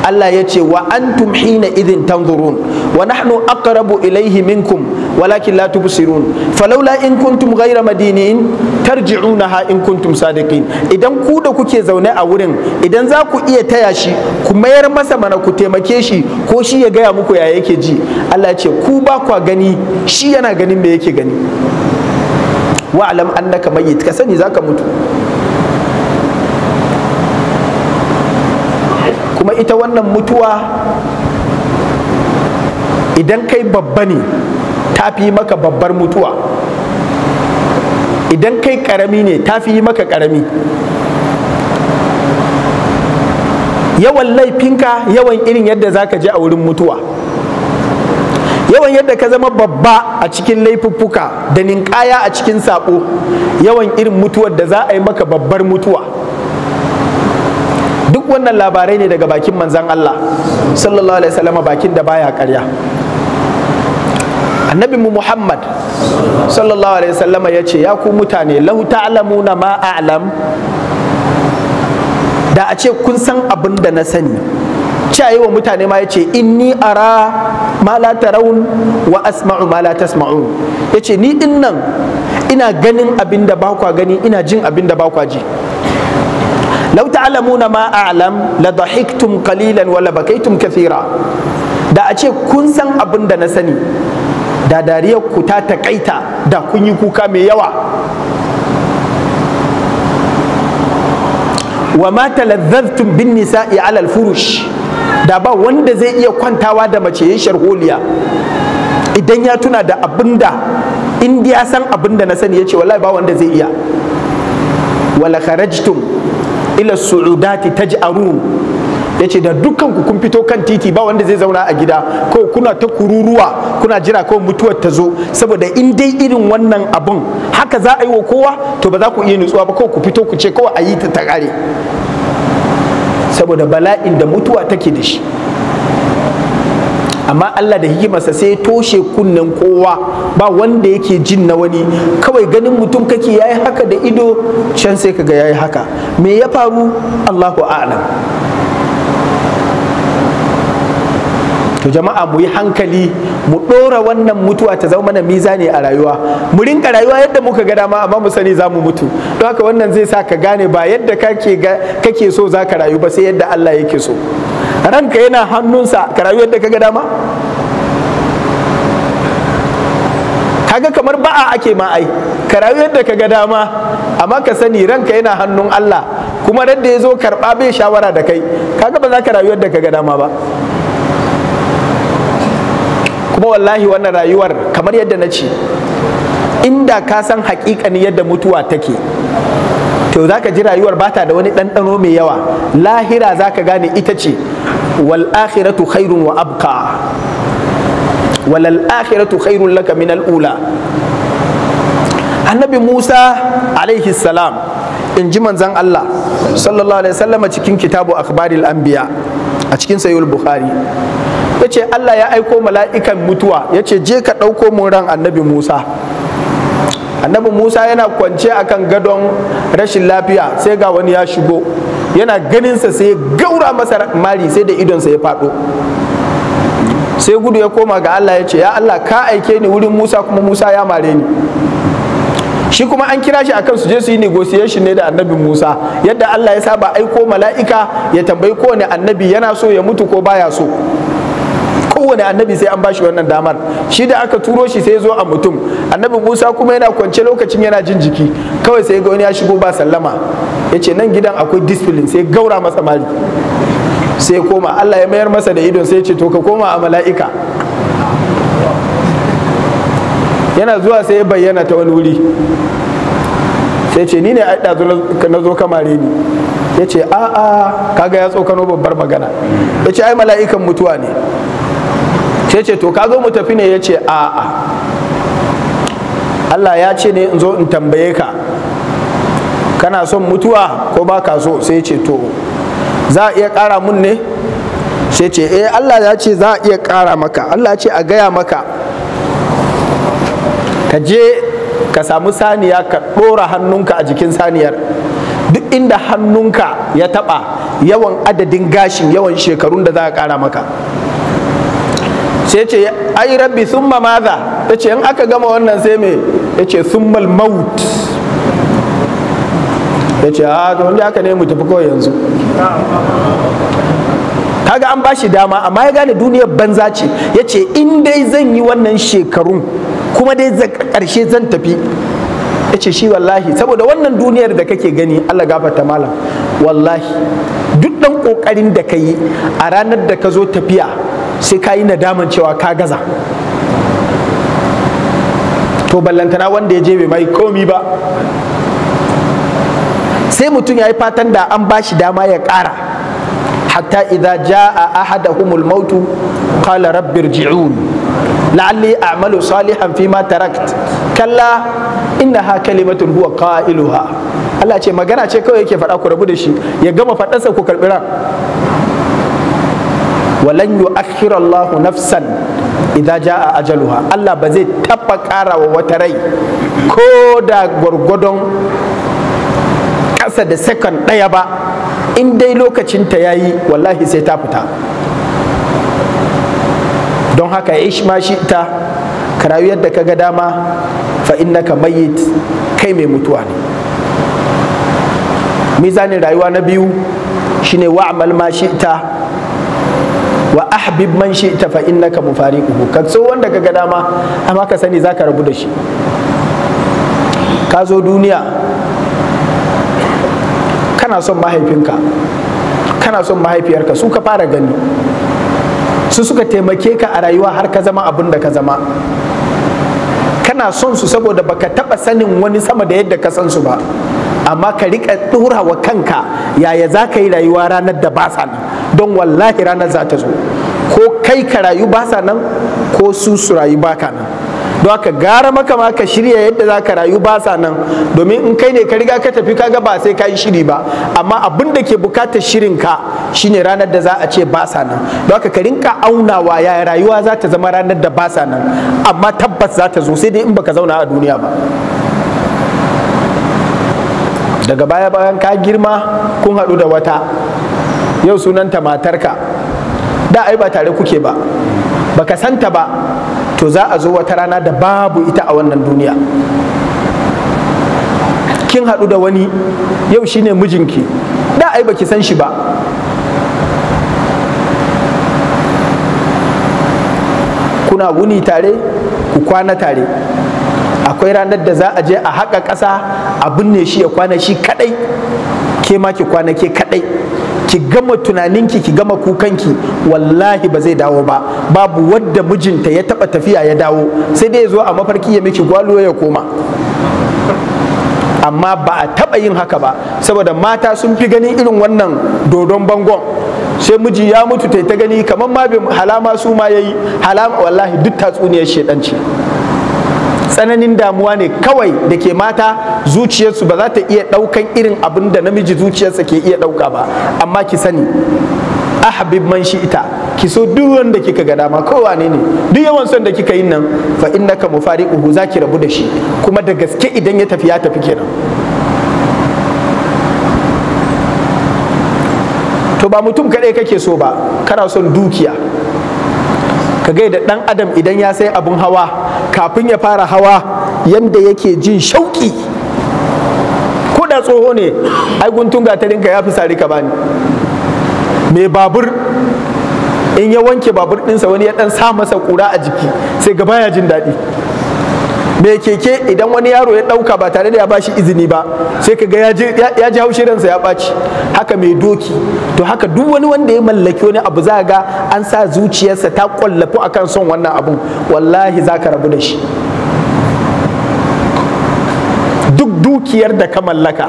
[SPEAKER 1] Allah ya ce wa antum hina idin tanzurun wa nahnu aqrabu ilaihi minkum walakin la tubsirun falaula in kuntum ghayra madinin tarji'unaha in kuntum sadiqin idan ku da kuke zaune a wurin idan za ku iya taya shi ku mayar masa mana ku taimake shi ko shi ya gaya muku ya yake ji Allah ya ce ku ba kwa gani shi yana ganin me yake gani wa'lam annaka mayyit ka sani zaka mutu kuma ita wannan mutuwa idan kai babba ne ta fi maka babbar mutuwa idan kai karami ne ta fi maka karami yawan laifinka yawan irin yadda za ka ji a wurin mutuwa yawan yadda ka zama babba a cikin laifuffuka da ninkaya a cikin saƙo yawan irin mutuwar da za a yi maka babbar mutuwa wannan labarai ne daga bakin manzan Allah sallallahu alaihi wasallam bakin da baya karya annabi Muhammad sallallahu alaihi wasallam ya ce ya ku mutane lau ta'lamuna ma a'lam da a ce kun san abin da na sani cewa wa mutane ma ya ce inni ara ma la tarawun wa asma'u ma la tasma'un ya ce ni dinnan ina ganin abin da ba kwa gani ina jin abin da ba kwa ji law ta'lamuna ma a'lam la dahiktum qalilan wa kathira da a ce kun san abin da na sani da dariyar ku ta takaita da kun yi kuka mai yawa wa ma talazzaztum bin nisa'i ala al-furush da ba wanda zai iya kwantawa da mace yin sharholiya idan ya tuna da abinda in san abinda na sani ya ce wallahi ba wanda zai iya wala kharajtum ila su'udati taj'arun yace da dukkan ku kun fito kan titi ba wanda zai zauna a gida ko kuna ta kururuwa kuna jira ko mutuwar ta zo saboda in dai irin wannan abun haka za a yi wa kowa to ba za ku iya nutsuwa ba ko ku fito ku ce kawai a yi ta ta kare saboda bala'in da mutuwa take da shi amma Allah da hikimarsa sai toshe kunnen kowa ba wanda yake jin na wani kawai ganin mutum kake yayi haka da ido can sai kaga yayi haka me ya faru Allahu a'lam to jama'a mu yi hankali mu ɗora wannan mutuwa ta zama mana mizani a rayuwa mu rinka rayuwa yadda muka ga dama amma mu sani za mu mutu don haka wannan zai sa ka gane ba yadda kake so za ka rayu ba sai yadda Allah yake so ranka yana hannunsa ka rayu yadda ga dama kaga kamar ba'a ake ma ai ka rayu yadda ga dama amma ka sani ranka yana hannun Allah kuma da ya zo karɓa bai shawara da kai kaga ba za ka rayu yadda ka ga dama ba kuma wallahi wannan rayuwar kamar yadda na ce inda ka san haƙiƙani yadda mutuwa take to za ka ji rayuwar bata da wani ɗanɗano mai yawa lahira za ka gane ita ce wal akhiratu khairun wa abka wal akhiratu khairun laka min al'ula annabi Musa alaihi salam in ji manzan Allah sallallahu alaihi wasallam cikin kitabu akhbaril anbiya a cikin sayyid bukhari yace Allah ya aiko mala'ikan mutuwa yace je ka ɗauko mun ran annabi Musa annabi musa yana kwance akan gadon rashin lafiya sai ga wani ya shigo yana ganinsa sai ya gaura masa mari sai da idonsa ya faɗo sai gudu ya koma ga allah ya ce ya allah ka aike ni wurin musa kuma musa ya mare ni shi kuma an kira shi akan su je su yi negotiation ne da annabi Musa yadda Allah ya saba aiko mala'ika ya tambayi kowane annabi yana so ya mutu ko baya so kowane annabi sai an bashi wannan damar shi da aka turo shi sai zo a mutum annabi musa kuma yana kwance lokacin yana jin jiki kawai sai ga wani ya shigo ba sallama ya ce nan gidan akwai discipline sai gaura masa mali sai koma allah ya mayar masa da idon sai ce to ka koma a mala'ika yana zuwa sai ya bayyana ta wani wuri sai ce ni ne a na zo kamare ni ya ce a'a kaga ya tsokano babbar magana ya ce ai mala'ikan mutuwa ne sai ce to ka zo mu tafi ne ya ce a'a Allah ya ce ne in zo in tambaye ka kana son mutuwa ko ba ka so sai ce to za a iya ƙara mun ne sai ce eh Allah ya ce za a iya ƙara maka Allah ya ce a gaya maka ka je ka samu saniya ka ɗora hannunka a jikin saniyar duk inda hannunka ya taɓa yawan adadin gashin yawan shekarun da za a ƙara maka sai ce ai rabbi summa maza ya ce in aka gama wannan sai me ya ce summal maut ya ce a ah, to wanda aka nemi tafi kawai yanzu kaga an bashi dama amma ya gane duniyar banza ce ya ce in dai zan yi wannan shekarun kuma dai karshe zan tafi ya ce shi wallahi saboda wannan duniyar da kake gani Allah gafarta malam wallahi duk dan kokarin da ka yi a ranar da ka zo tafiya sai ka yi nadaman cewa ka gaza to ballantana wanda ya je bai mai komi ba sai mutum ya yi fatan da an ba shi dama ya ƙara hatta idza jaa ahaduhumul mautu qala rabbi irji'un la'alli a'malu salihan fima tarakt kalla innaha kalimatun huwa qailuha Allah ce magana ce kawai yake faɗa ku rabu da shi ya gama faɗansa ku karɓi walan yu'akhkhira Allahu nafsan idza jaa ajaluha Allah ba zai taba wa wata rai ko da gwargwadon kasa da second daya ba in dai lokacin ta yayi wallahi sai ta fita don haka ya ma shi ta karayu yadda ka ga dama fa innaka mayyit kai mai mutuwa ne mizanin rayuwa na biyu shine wa'mal ma shi ta wa ahbib man shi'ta fa innaka mufariquhu ka so wanda ka ga dama amma ka sani zaka rabu da shi ka zo duniya kana son mahaifinka kana son mahaifiyarka su ka fara gani su suka taimake ka a rayuwa har ka zama abin da ka zama kana son su saboda baka taba sanin wani sama da yadda ka san su ba amma ka rika dora wa kanka yaya za ka yi rayuwa ranar da ba sa nan don wallahi ranar za ta zo ko kai ka rayu ba sa nan ko su su rayu ba ka nan don haka gara maka ma ka shirya yadda za ka rayu ba sa nan domin in kai ne ka riga ka tafi kaga ba sai ka yi shiri ba amma abin da ke bukatar shirin ka shine ranar da za a ce ba sa nan don haka ka rinka aunawa ya rayuwa za ta zama ranar da ba sa nan amma tabbas za ta zo sai dai in baka zauna a duniya ba daga baya bayan ka girma kun haɗu da wata yau sunanta matarka da ai ba tare kuke ba baka santa ba to za a zo wata rana da babu ita a wannan duniya kin haɗu da wani yau shine mijinki da ai baki san shi ba kuna wuni tare ku kwana tare akwai ranar da za a je a haƙa ƙasa a binne shi ya kwana shi kaɗai ke ma ki kwana ke kaɗai ki gama tunaninki ki gama kukanki wallahi ba zai dawo ba babu wadda mijinta ya taɓa tafiya ya dawo sai dai ya zo a mafarki ya miki gwalo ya koma amma ba a taɓa yin haka ba saboda mata sun fi ganin irin wannan dodon bangon sai miji ya mutu ta gani kamar ma halama su ma yayi halama wallahi duk tatsuniyar shedanci tsananin damuwa ne kawai da ke mata zuciyarsu ba za ta iya ɗaukan irin abin da namiji zuciyarsa ke iya ɗauka ba amma ki sani habib man shi ita ki so duk wanda kika ga dama kowa ne ne duk yawan son da kika yi nan fa innaka za ki rabu da shi kuma da gaske idan ya tafi ya tafi kenan to ba mutum kaɗai kake so ba kana son dukiya ka gaida dan adam idan ya sai abun hawa kafin ya fara hawa yadda yake jin shauki ko tsoho ne ai guntun gatarinka ya fi sari ka bani mai babur in ya wanke babur ɗinsa wani ya ɗan sa masa ƙura a jiki sai gaba ya jin daɗi mai keke idan wani yaro ya ɗauka ba tare da ya bashi izini ba sai ka ga ya ji haushi ransa ya baci haka mai doki to haka duk wani wanda ya mallaki wani abu za ga an sa zuciyarsa ta kwallafu akan son wannan abun wallahi za ka rabu da shi duk dukiyar da ka mallaka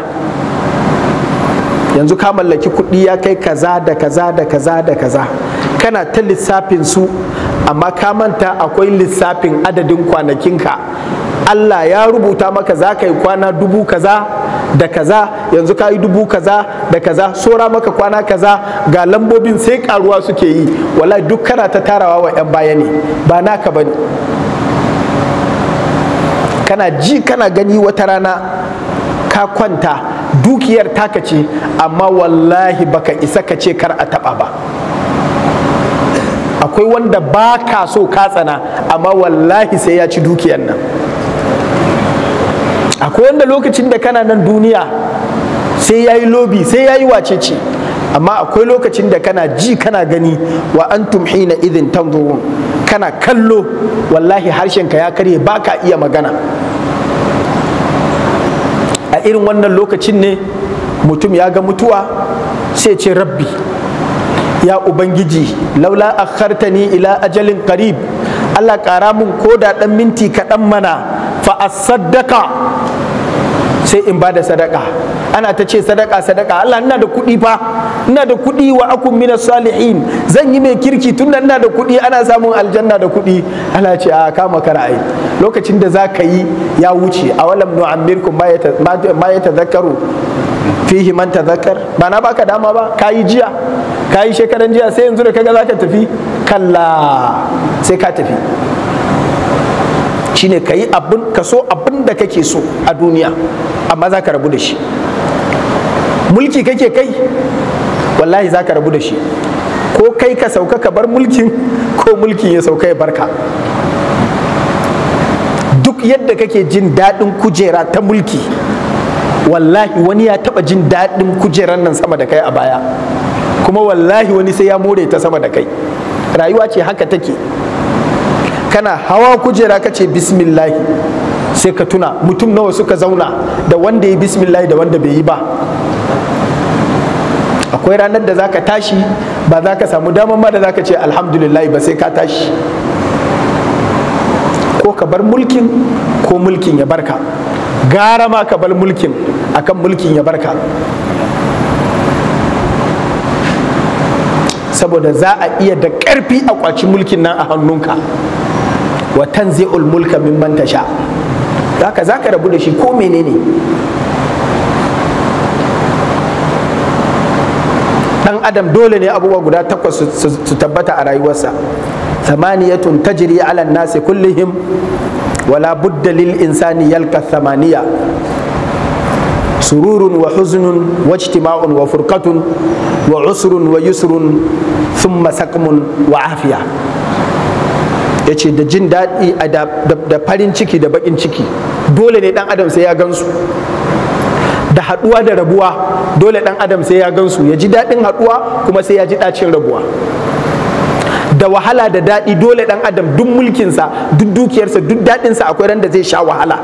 [SPEAKER 1] yanzu ka mallaki kuɗi ya kai kaza da kaza da kaza da kaza kana ta lissafin su amma ka manta akwai lissafin adadin kwanakinka Allah ya rubuta maka za ka yi kwana dubu kaza da kaza yanzu ka yi dubu kaza da kaza sora maka kwana kaza ga lambobin sai karuwa suke yi wala duk kana ta tarawa wa 'yan baya ne ba naka ba ne kana ji kana gani wata rana ka kwanta dukiyar taka ce amma wallahi baka isa ka ce kar a taba ba akwai wanda ba ka so ka tsana amma wallahi sai ya ci dukiyar nan akwai wanda lokacin da kana nan duniya sai ya yi lobi sai ya yi wacece amma akwai lokacin da kana ji kana gani wa an tumhina idin tanzurun kana kallo wallahi harshen ka ya karye ka iya magana a irin wannan lokacin ne mutum ya ga mutuwa sai ce rabbi ya ubangiji laula akhartani ila ajalin qarib Allah ƙara mun ko da ɗan minti kaɗan mana fa asaddaka sai in ba da sadaka ana ta ce sadaka sadaka Allah ina da kuɗi fa ina da kuɗi wa akun minas salihin zan yi mai kirki tun tunda ina da kuɗi ana samun aljanna da kuɗi Allah ce a kama kara ra'ayi. lokacin da za ka yi ya wuce a walam nu'ammirkum ma yatadhakkaru fihi man tazakkar ba na baka dama ba kayi jiya kayi shekaran jiya sai yanzu da kaga zaka tafi kalla sai ka tafi shine kayi abin ka so abin da kake so a duniya amma zaka rabu da shi mulki kake kai wallahi zaka rabu da shi ko kai ka sauka ka bar mulkin ko mulkin ya sauka ya barka duk yadda kake jin daɗin kujera ta mulki wallahi wani ya taba jin daɗin kujerar nan sama da kai a baya kuma wallahi wani sai ya more ta sama da kai rayuwa ce haka take kana hawa kujera ka ce bismillahi sai ka tuna mutum nawa suka zauna da wanda ya bismillahi da wanda bai yi ba akwai ranar da zaka tashi ba za ka samu damar ma da za ka ce alhamdulillahi ba sai ka tashi ko ka bar mulkin ko mulkin ya barka gara ma ka bar mulkin akan mulkin ya barka saboda za a iya da ƙarfi a kwaci mulkin nan a hannunka watan zai ulmulka mulka mimman sha haka za ka rabu da shi ko menene dan adam dole ne abubuwa guda takwas su tabbata a rayuwarsa samaniyatun tajri ala nasi kullihim wala budda lil insani yalka sururun wa huznun wa ijtima'un wa furqatun wa usrun wa yusrun thumma saqmun wa afiya yace da jin daɗi da farin ciki da baƙin ciki dole ne ɗan adam sai ya gansu da haɗuwa da rabuwa dole ɗan adam sai ya gansu ya ji daɗin haɗuwa kuma sai ya ji ɗacin rabuwa da wahala da daɗi dole ɗan adam duk mulkinsa duk dukiyarsa duk daɗinsa akwai ran da zai sha wahala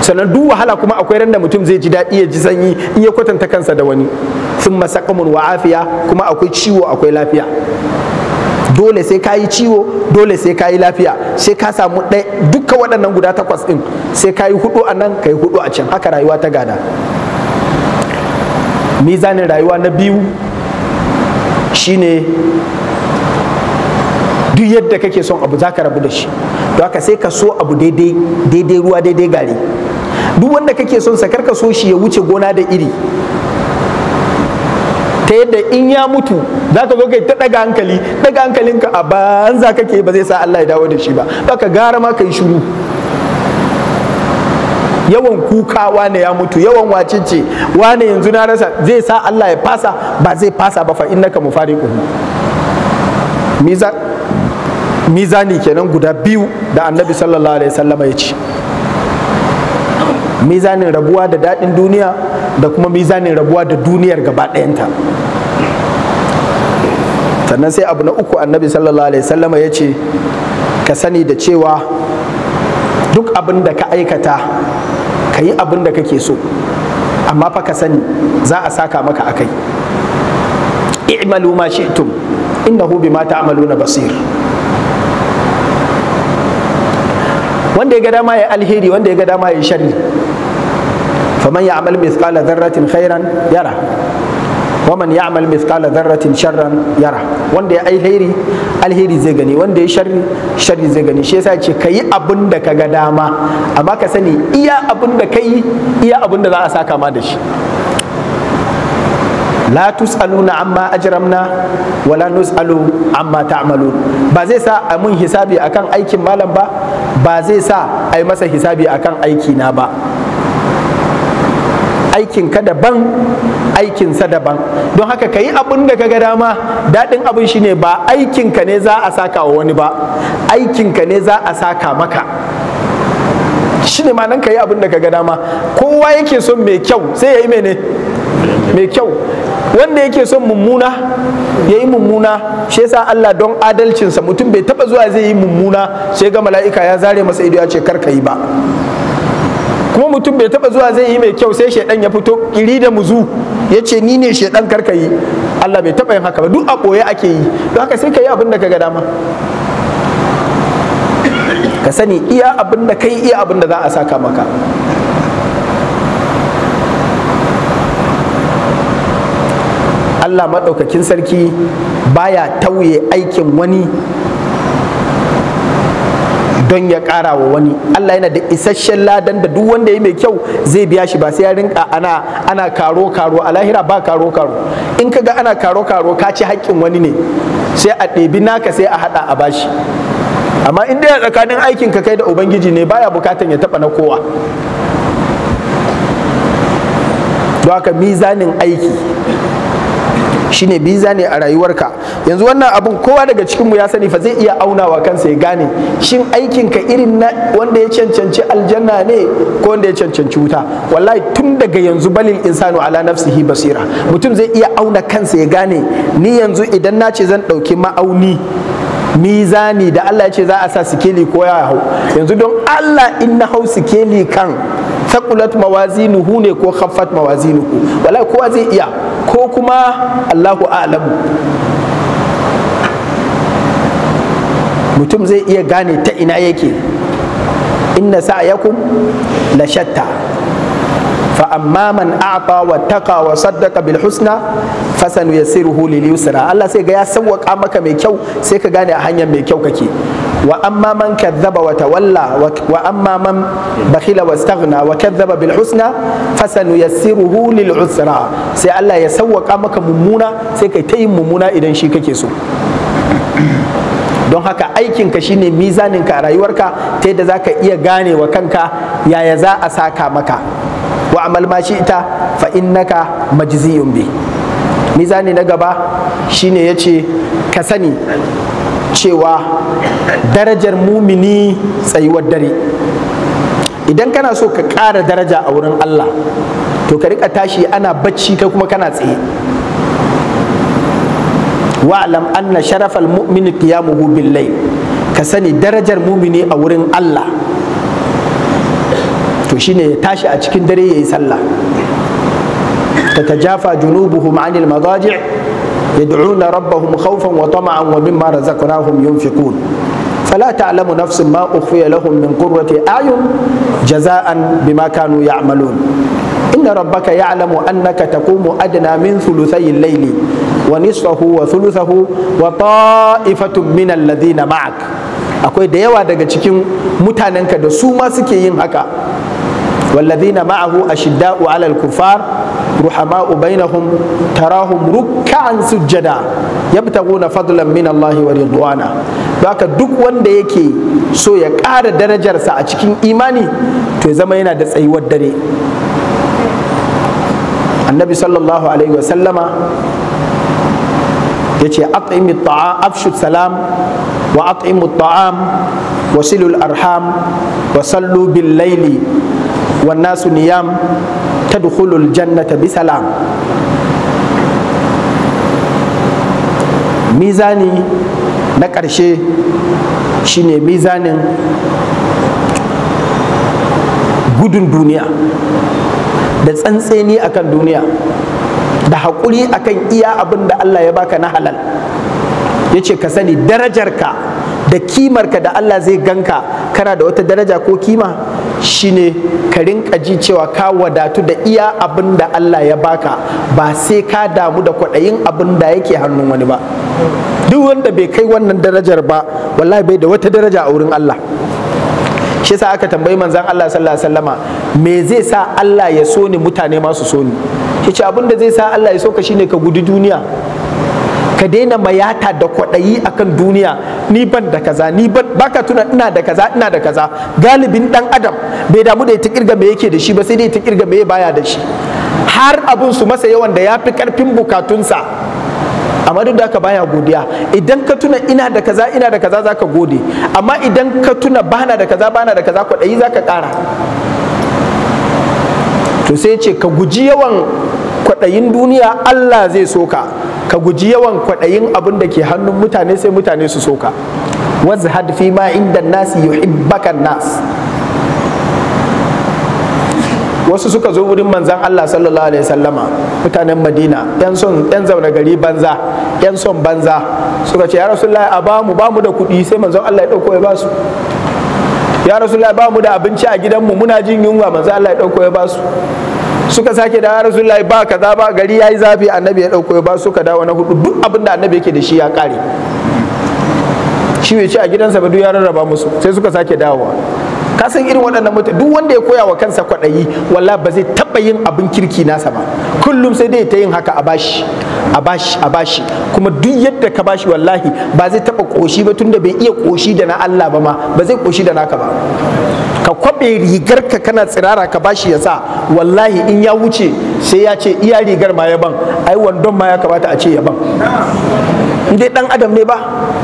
[SPEAKER 1] sannan duk wahala kuma akwai ran da mutum zai ji daɗi ya ji sanyi in ya kwatanta kansa da wani sun masakamun wa afiya kuma akwai ciwo akwai lafiya dole sai ka yi ciwo dole sai ka yi lafiya sai ka samu ɗaya dukkan waɗannan guda takwas ɗin sai ka yi hudu a nan ka yi hudu a can haka rayuwa ta gada mizanin rayuwa na biyu shine duk yadda kake son abu za ka rabu da shi don haka sai ka so abu daidai daidai ruwa daidai gari duk wanda kake son sa ka so shi ya wuce gona da iri ta yadda in ya mutu za ka zo kai ta daga hankali daga hankalinka a banza kake ba zai sa Allah ya dawo da shi ba ka gara ma kai shiru yawan kuka wane ya mutu yawan wacince wane yanzu na rasa zai sa Allah ya fasa ba zai fasa ba fa innaka mufariqun me mizani kenan guda biyu da annabi sallallahu alaihi sallama ya ce mizanin rabuwa da daɗin duniya da kuma mizanin rabuwa da duniyar gaba ɗayanta sannan sai abu na uku annabi sallallahu alaihi sallama ya ce ka sani da cewa duk abin da ka aikata ka yi abin da kake so amma fa ka sani za a saka maka akai i'malu ma shi'tum innahu bima ta'maluna basir wanda ya ga dama ya alheri wanda ya ga dama ya sharri faman ya'mal mithqala dharratin khairan yara waman ya'mal mithqala dharratin sharran yara wanda ya alheri alheri zai gani wanda ya sharri sharri zai gani shi yasa ce kayi abin da ka ga dama amma ka sani iya abin da kai iya abin da za a saka ma da shi la tus'aluna amma ajramna wala nus'alu amma ta'malu ba zai sa a mun hisabi akan aikin malam ba ba zai sa a yi masa hisabi akan aiki na ba aikin ka daban aikin sa daban don haka ka yi da ka ga dama daɗin abun shine ba aikin ka ne za a saka wa wani ba aikin ka ne za a saka maka shine ma nan ka yi abin da ka ga dama kowa yake son mai kyau sai ya yi mene mai kyau wanda yake son mummuna ya yi mummuna shi yasa Allah don adalcinsa mutum bai taba zuwa zai yi mummuna sai ga mala'ika ya zare masa ido ya ce kar yi ba kuma mutum bai taba zuwa zai yi mai kyau sai shaidan ya fito kiri da muzu ya ce ni ne shaidan kar yi Allah bai taba yin haka ba duk a boye ake yi don haka sai ka yi abin da ka ga dama ka sani iya abin da kai iya abin da za a saka maka Allah maɗaukakin sarki baya tauye aikin wani don ya ƙara wa wani Allah yana da isasshen ladan da duk wanda ya mai kyau zai biya shi ba sai ya rinka ana ana karo karo a lahira ba karo karo in kaga ana karo karo ka ci haƙƙin wani ne sai a ɗebi naka sai a haɗa a bashi amma in dai tsakanin aikin ka kai da ubangiji ne baya bukatan ya taɓa na kowa don haka mizanin aiki shine biza ne a rayuwarka yanzu wannan abun kowa daga cikin mu ya sani fa zai iya aunawa kansa ya gane shin aikin ka irin na wanda ya cancanci aljanna ne ko wanda ya cancanci wuta wallahi tun daga yanzu balil insanu ala nafsihi basira mutum zai iya auna kansa ya gane ni yanzu idan na ce zan ɗauki ma'auni mizani da Allah ya ce za a sa sikeli ko ya hau yanzu don Allah in na hau sikeli kan takulat mawazinuhu ne ko khaffat mawazinuhu wala kowa zai iya ko kuma Allahu a'lamu mutum zai iya gane ta ina yake inna sa'yakum la shatta fa amma man a'ta wa taqa wa saddaqa bil husna fasan yassiruhu lil yusra Allah sai ga ya sawwaka maka mai kyau sai ka gane a hanyar mai kyau kake wa amma man kadzaba wa tawalla wa amma man bakhila wastaghna wa kadzaba bil husna fasan yassiruhu lil usra sai Allah ya sawwaka maka mummuna sai kai ta yin mummuna idan shi kake so don haka aikin ka shine mizaninka a rayuwarka ta yadda zaka iya gane wa kanka yaya za a saka maka wa amal ma shi ita fa innaka majziyun bi mizani na gaba shine ya ce ka sani cewa darajar mumini tsayuwar dare idan kana so ka ƙara daraja a wurin Allah to ka rika tashi ana bacci kai kuma kana tsaye Wa'alam anna sharafal mu'mini qiyamuhu bil ka sani darajar mumini a wurin Allah to shine ya tashi a cikin dare ya yi sallah تتجافى جنوبهم عن المضاجع يدعون ربهم خوفا وطمعا ومما رزقناهم ينفقون فلا تعلم نفس ما أخفي لهم من قرة أعين جزاء بما كانوا يعملون إن ربك يعلم أنك تقوم أدنى من ثلثي الليل ونصفه وثلثه وطائفة من الذين معك akwai da yawa daga cikin mutanenka da su ma suke yin haka wallazina ma'ahu ashidda'u alal kufar ruhama'u bainahum tarahum ruk'an sujjada yabtaguna fadlan min Allah wa ridwana haka duk wanda yake so ya ƙara darajarsa a cikin imani to ya zama yana da tsayuwar dare annabi sallallahu alaihi wasallama ya ce afshut salam wa at'imu ta'am wa silul arham wa sallu bil laili wa nasu niyam tadkhulul jannata bi salam mizani na ƙarshe shine mizanin gudun duniya da tsantseni akan duniya da haƙuri akan iya abin da Allah ya baka na halal ya ce ka sani darajarka da kimarka da Allah zai ganka kana da wata daraja ko kima shine ka rinka ji cewa ka wadatu da iya abin da Allah ya baka ba sai ka damu da kwaɗayin abin da yake hannun wani ba duk wanda bai kai wannan darajar ba wallahi bai da wata daraja a wurin Allah shi sa aka tambayi manzan Allah sallallahu alaihi wasallama me zai sa Allah ya so ni mutane ma su so ni yace abin da zai sa Allah ya so ka shine ka gudu duniya ka daina mayata da kwaɗayi akan duniya ni ban da kaza ni ban baka tuna ina da kaza ina da kaza galibin ɗan adam bai damu da ya kirga me yake da shi ba sai dai ta kirga me baya da shi har abun su masa yawan da ya fi karfin bukatunsa amma duk da ka baya godiya idan ka tuna ina da kaza ina da kaza zaka gode amma idan ka tuna bana da kaza bana da kaza kwaɗayi zaka ƙara to sai ce ka guji yawan kwaɗayin duniya Allah zai soka ka guji yawan kwaɗayin abin da ke hannun mutane sai mutane su soka wazhad fi ma inda nasi yuhibbaka nas wasu suka zo wurin manzan Allah sallallahu alaihi sallama mutanen Madina yan son yan zaune gari banza yan son banza suka ce ya rasulullahi a bamu bamu da kuɗi sai manzan Allah ya ɗauko ya basu ya rasulullahi bamu da abinci a gidanmu muna jin yunwa manzan Allah ya ɗauko ya basu suka sake da rasulullahi ba kaza ba gari yayi zafi annabi ya dauko ba suka dawo na hudu duk abin da annabi yake da shi ya kare shi ya ce a gidansa ba duk ya rarraba musu sai suka sake dawowa ka san irin waɗannan mutu duk wanda ya koya wa kansa kwaɗayi wala ba zai taɓa yin abin kirki nasa ba kullum sai dai ta yin haka a bashi a bashi a bashi kuma duk yadda ka bashi wallahi ba zai taɓa koshi ba tunda bai iya koshi da na Allah ba ma ba zai koshi da naka ba ka kwabe ka kana tsirara ka bashi ya sa wallahi in ya wuce sai ya ce iya rigar ma ya ban ai wandon ma ya kamata a ce ya ban dai dan adam ne ba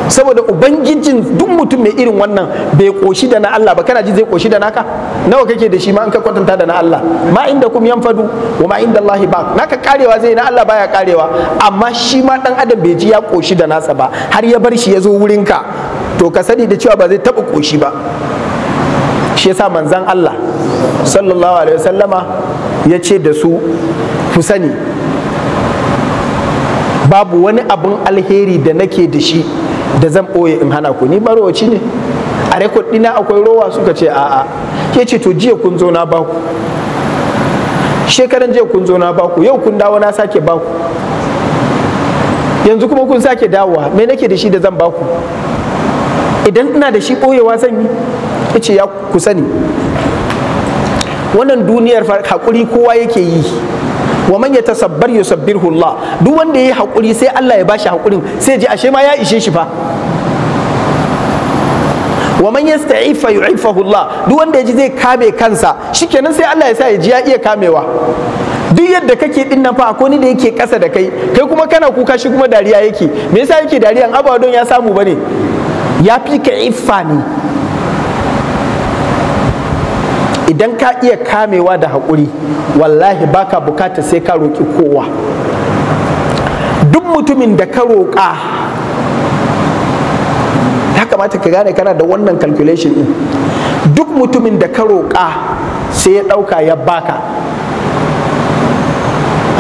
[SPEAKER 1] saboda ubangijin duk mutum mai irin wannan bai koshi da na Allah ba kana ji zai koshi da naka nawa kake da shi ma an ka kwatanta da na Allah ma inda kum yanfadu wa ma inda Allah ba naka karewa zai na Allah baya karewa amma shi ma dan adam bai ji ya koshi da nasa ba har ya bar shi ya zo wurinka to ka sani da cewa ba zai taba koshi ba shi yasa manzan Allah sallallahu alaihi wasallama ya ce da su ku sani babu wani abin alheri da nake da shi da zan ɓoye in hana ku ni barowaci ne a rekod ɗina akwai rowa suka ce a'a ya ce to jiya kun zo na baku shekaran jiya kun zo na baku yau kun dawo na sake baku yanzu kuma kun sake dawowa me nake da shi da zan baku idan ina da shi ɓoyewa zan yi ya ya ku sani wannan duniyar hakuri kowa yake yi wa man ya tasabbar yusabbirhu Allah duk wanda yayi haƙuri sai Allah ya bashi haƙurin sai ji ashe ma ya ishe shi fa wa man yasta'ifa yu'ifahu Allah duk wanda yaji zai kame kansa shikenan sai Allah ya sa ya ji ya iya kamewa duk yadda kake din nan fa akwai ni da yake kasa da kai kai kuma kana kuka shi kuma dariya yake me yasa yake dariya an don ya samu bane ya fi ka iffa ne idan ka iya kamewa da haƙuri wallahi baka bukata sai ka roƙi kowa duk mutumin da ka roƙa ya kamata ka gane kana da wannan calculation din duk mutumin da ka roƙa sai ya ɗauka ya baka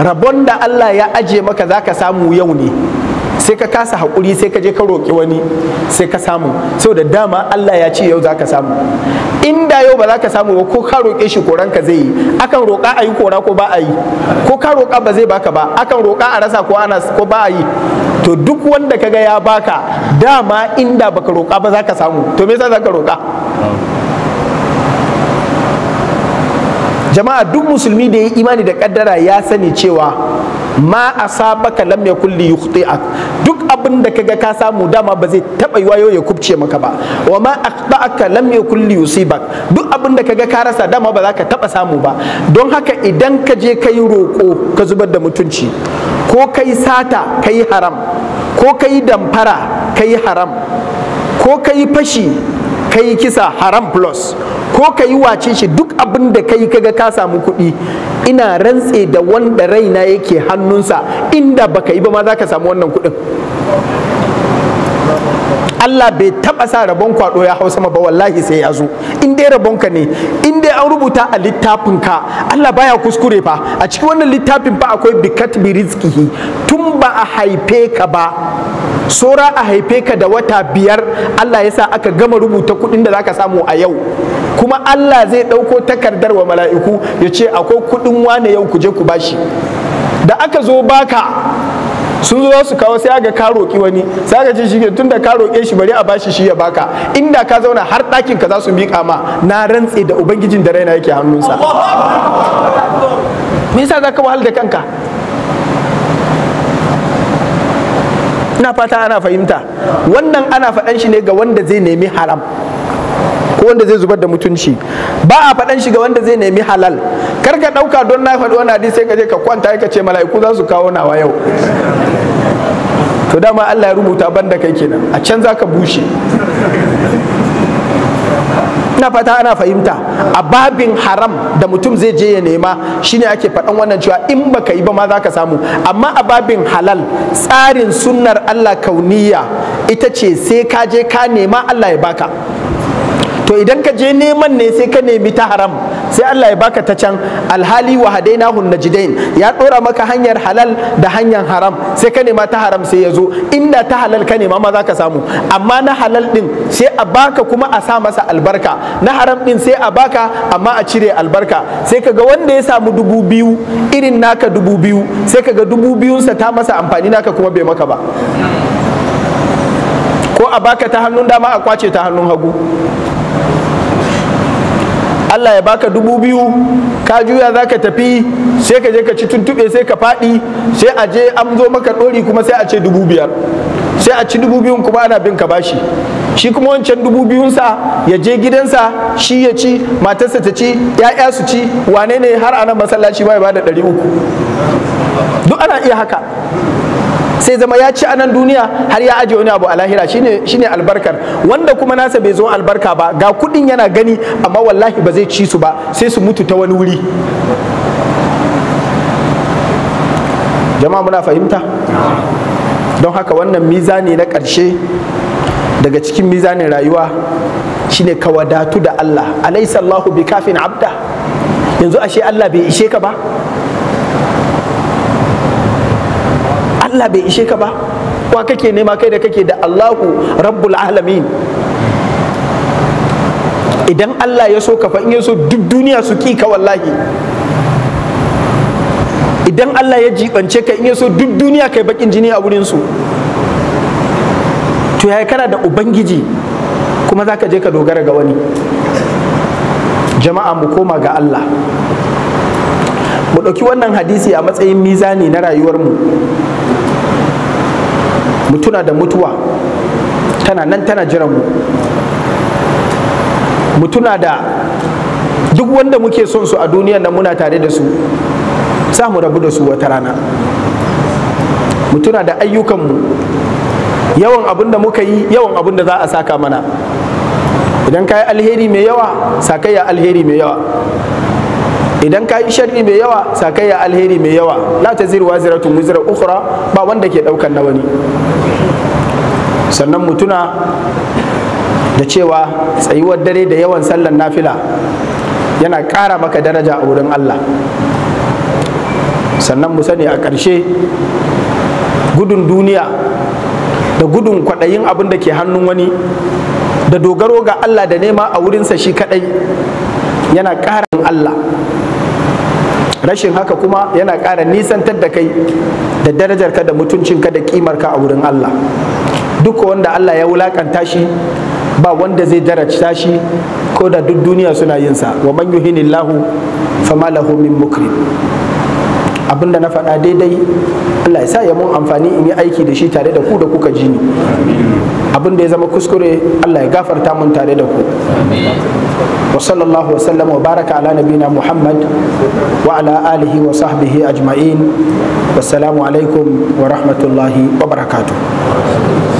[SPEAKER 1] rabon da Allah ya ajiye maka zaka samu yau ne sai ka kasa haƙuri sai ka je ka roƙi wani sai ka samu sau da dama Allah ya ce yau za ka samu inda yau ba za ka samu ba ko ka roƙe shi ka zai yi akan roƙa a yi kora ko ba a yi ko ka roƙa ba zai baka ba akan roƙa a rasa ko ana ko ba a yi to duk wanda ka ga ya baka dama inda baka roƙa ba za ka samu to me yasa za ka roƙa jama'a duk musulmi da ya yi imani da kaddara ya sani cewa ma asabaka lam yakul li yukhti'ak duk abin da kaga ka samu dama ba zai taba yiwa ya kubce maka ba wa ma akhta'aka lam yakul li yusibak duk abin da kaga ka rasa dama ba za ka taba samu ba don haka idan ka je yi roko ka zubar da mutunci ko kai sata ka yi haram ko kai damfara ka yi haram ko kai fashi ka yi kisa haram plus ko ka yi wace shi duk abin da ka yi kaga ka samu kuɗi ina rantse da wanda raina yake hannunsa inda baka yi ba ma za ka samu wannan kuɗin Allah bai taɓa sa rabon kwaɗo ya hau sama ba wallahi sai ya zo in dai rabonka ne in dai an rubuta a littafin ka Allah baya kuskure fa a cikin wannan littafin fa akwai bikat bi tun ba a haife ka ba sora a haife ka da wata biyar Allah ya sa aka gama rubuta kuɗin da zaka samu a yau kuma Allah zai ɗauko takardar wa mala'iku ya ce akwai kuɗin wane yau ku je ku bashi da aka zo baka sun zo su kawo sai ga ka roƙi wani sai aga ce tun da ka roƙe shi bari a bashi shi ya baka inda ka zauna har ɗakin ka za su miƙa ma na rantse da ubangijin da raina yake hannunsa me yasa za zaka wahal da kanka ina fata ana fahimta wannan ana faɗan shi ne ga wanda zai nemi haram ko wanda zai zubar da mutunci ba a faɗan shi ga wanda zai nemi halal kar ka ɗauka don na faɗi wani hadisi sai ka je ka kwanta ka ce mala'iku za su kawo nawa yau to dama Allah ya rubuta banda kai kenan a can zaka bushe na fata ana fahimta a babin haram da mutum zai je ya nema shine ake faɗan wannan cewa in baka yi ba ma za ka samu amma a babin halal tsarin sunnar Allah kauniya ita ce sai ka je ka nema Allah ya baka to idan ka je neman ne sai ka nemi ta haram sai Allah ya baka ta can alhali wa hun najidain ya dora maka hanyar halal da hanyar haram sai ka nema ta haram sai ya zo inda ta halal ka nema ma za ka samu amma na halal din sai a baka kuma a sa masa albarka na haram din sai a baka amma a cire albarka sai kaga wanda ya samu dubu biyu irin naka dubu biyu sai kaga dubu biyunsa ta masa amfani naka kuma bai maka ba ko a baka ta hannun dama a kwace ta hannun hagu Allah ya baka dubu biyu ka juya za ka tafi sai ka je ka ci tuntuɓe sai ka faɗi sai a je an zo maka ɗori kuma sai a ce dubu biyar sai a ci dubu biyun kuma ana bin ka bashi shi kuma wancan dubu biyunsa ya je gidansa shi ya ci matarsa ta ci ya'ya su ci wane ne har anan masallaci ba ya bada ɗari uku duk ana iya haka sai zama ya ci anan duniya har ya aje wani abu a lahira shine albarkar wanda kuma nasa bai zo albarka ba ga kudin yana gani amma wallahi ba zai ci su ba sai su mutu ta wani wuri jama'a muna fahimta don haka wannan mizani na ƙarshe daga cikin mizanin rayuwa shine ka wadatu da Allah alaysa Allahu bikafin kafin abda yanzu ashe Allah bai ishe ka ba Allah bai ishe ka ba wa kake nema kai da kake da Allahu rabbul alamin idan Allah ya so ka fa in ya so duk duniya su ki ka wallahi idan Allah ya jibance ka in ya so duk duniya kai bakin jini a wurin su to yaya kana da ubangiji kuma za ka je ka dogara ga wani jama'a mu koma ga Allah mu ɗauki wannan hadisi a matsayin mizani na rayuwarmu mutuna da mutuwa tana nan tana jiran mu mutuna da duk wanda muke son su a duniya nan muna tare da su sa mu rabu da su wata rana mutuna da ayyukanmu yawan abin da muka yi yawan abin da za a saka mana idan ka yi alheri mai yawa sakayya alheri mai yawa idan ka yi sharri mai yawa ya alheri mai yawa la taziru waziratun wizra ukura ba wanda ke daukan na wani sannan mutuna da cewa tsayuwar dare da yawan sallan nafila yana ƙara maka daraja a wurin Allah sannan mu sani a ƙarshe gudun duniya da gudun kwaɗayin abin da ke hannun wani da dogaro ga Allah da nema a wurinsa shi kaɗai yana ƙara rashin haka kuma yana ƙara nisantar da kai da darajarka da mutuncinka da ƙimarka a wurin Allah duk wanda Allah ya wulakanta shi ba wanda zai darajta shi ko da duk duniya suna yinsa wa man yuhinillahu fama lahu min mukrim abinda na faɗa daidai Allah ya sa ya mun amfani in yi aiki da shi tare da ku da kuka ji ni abin da ya zama kuskure Allah ya gafarta mun tare da ku wa sallallahu wasallam wa baraka ala nabina muhammad wa ala alihi wa sahbihi ajma'in wassalamu alaikum wa rahmatullahi wa barakatuh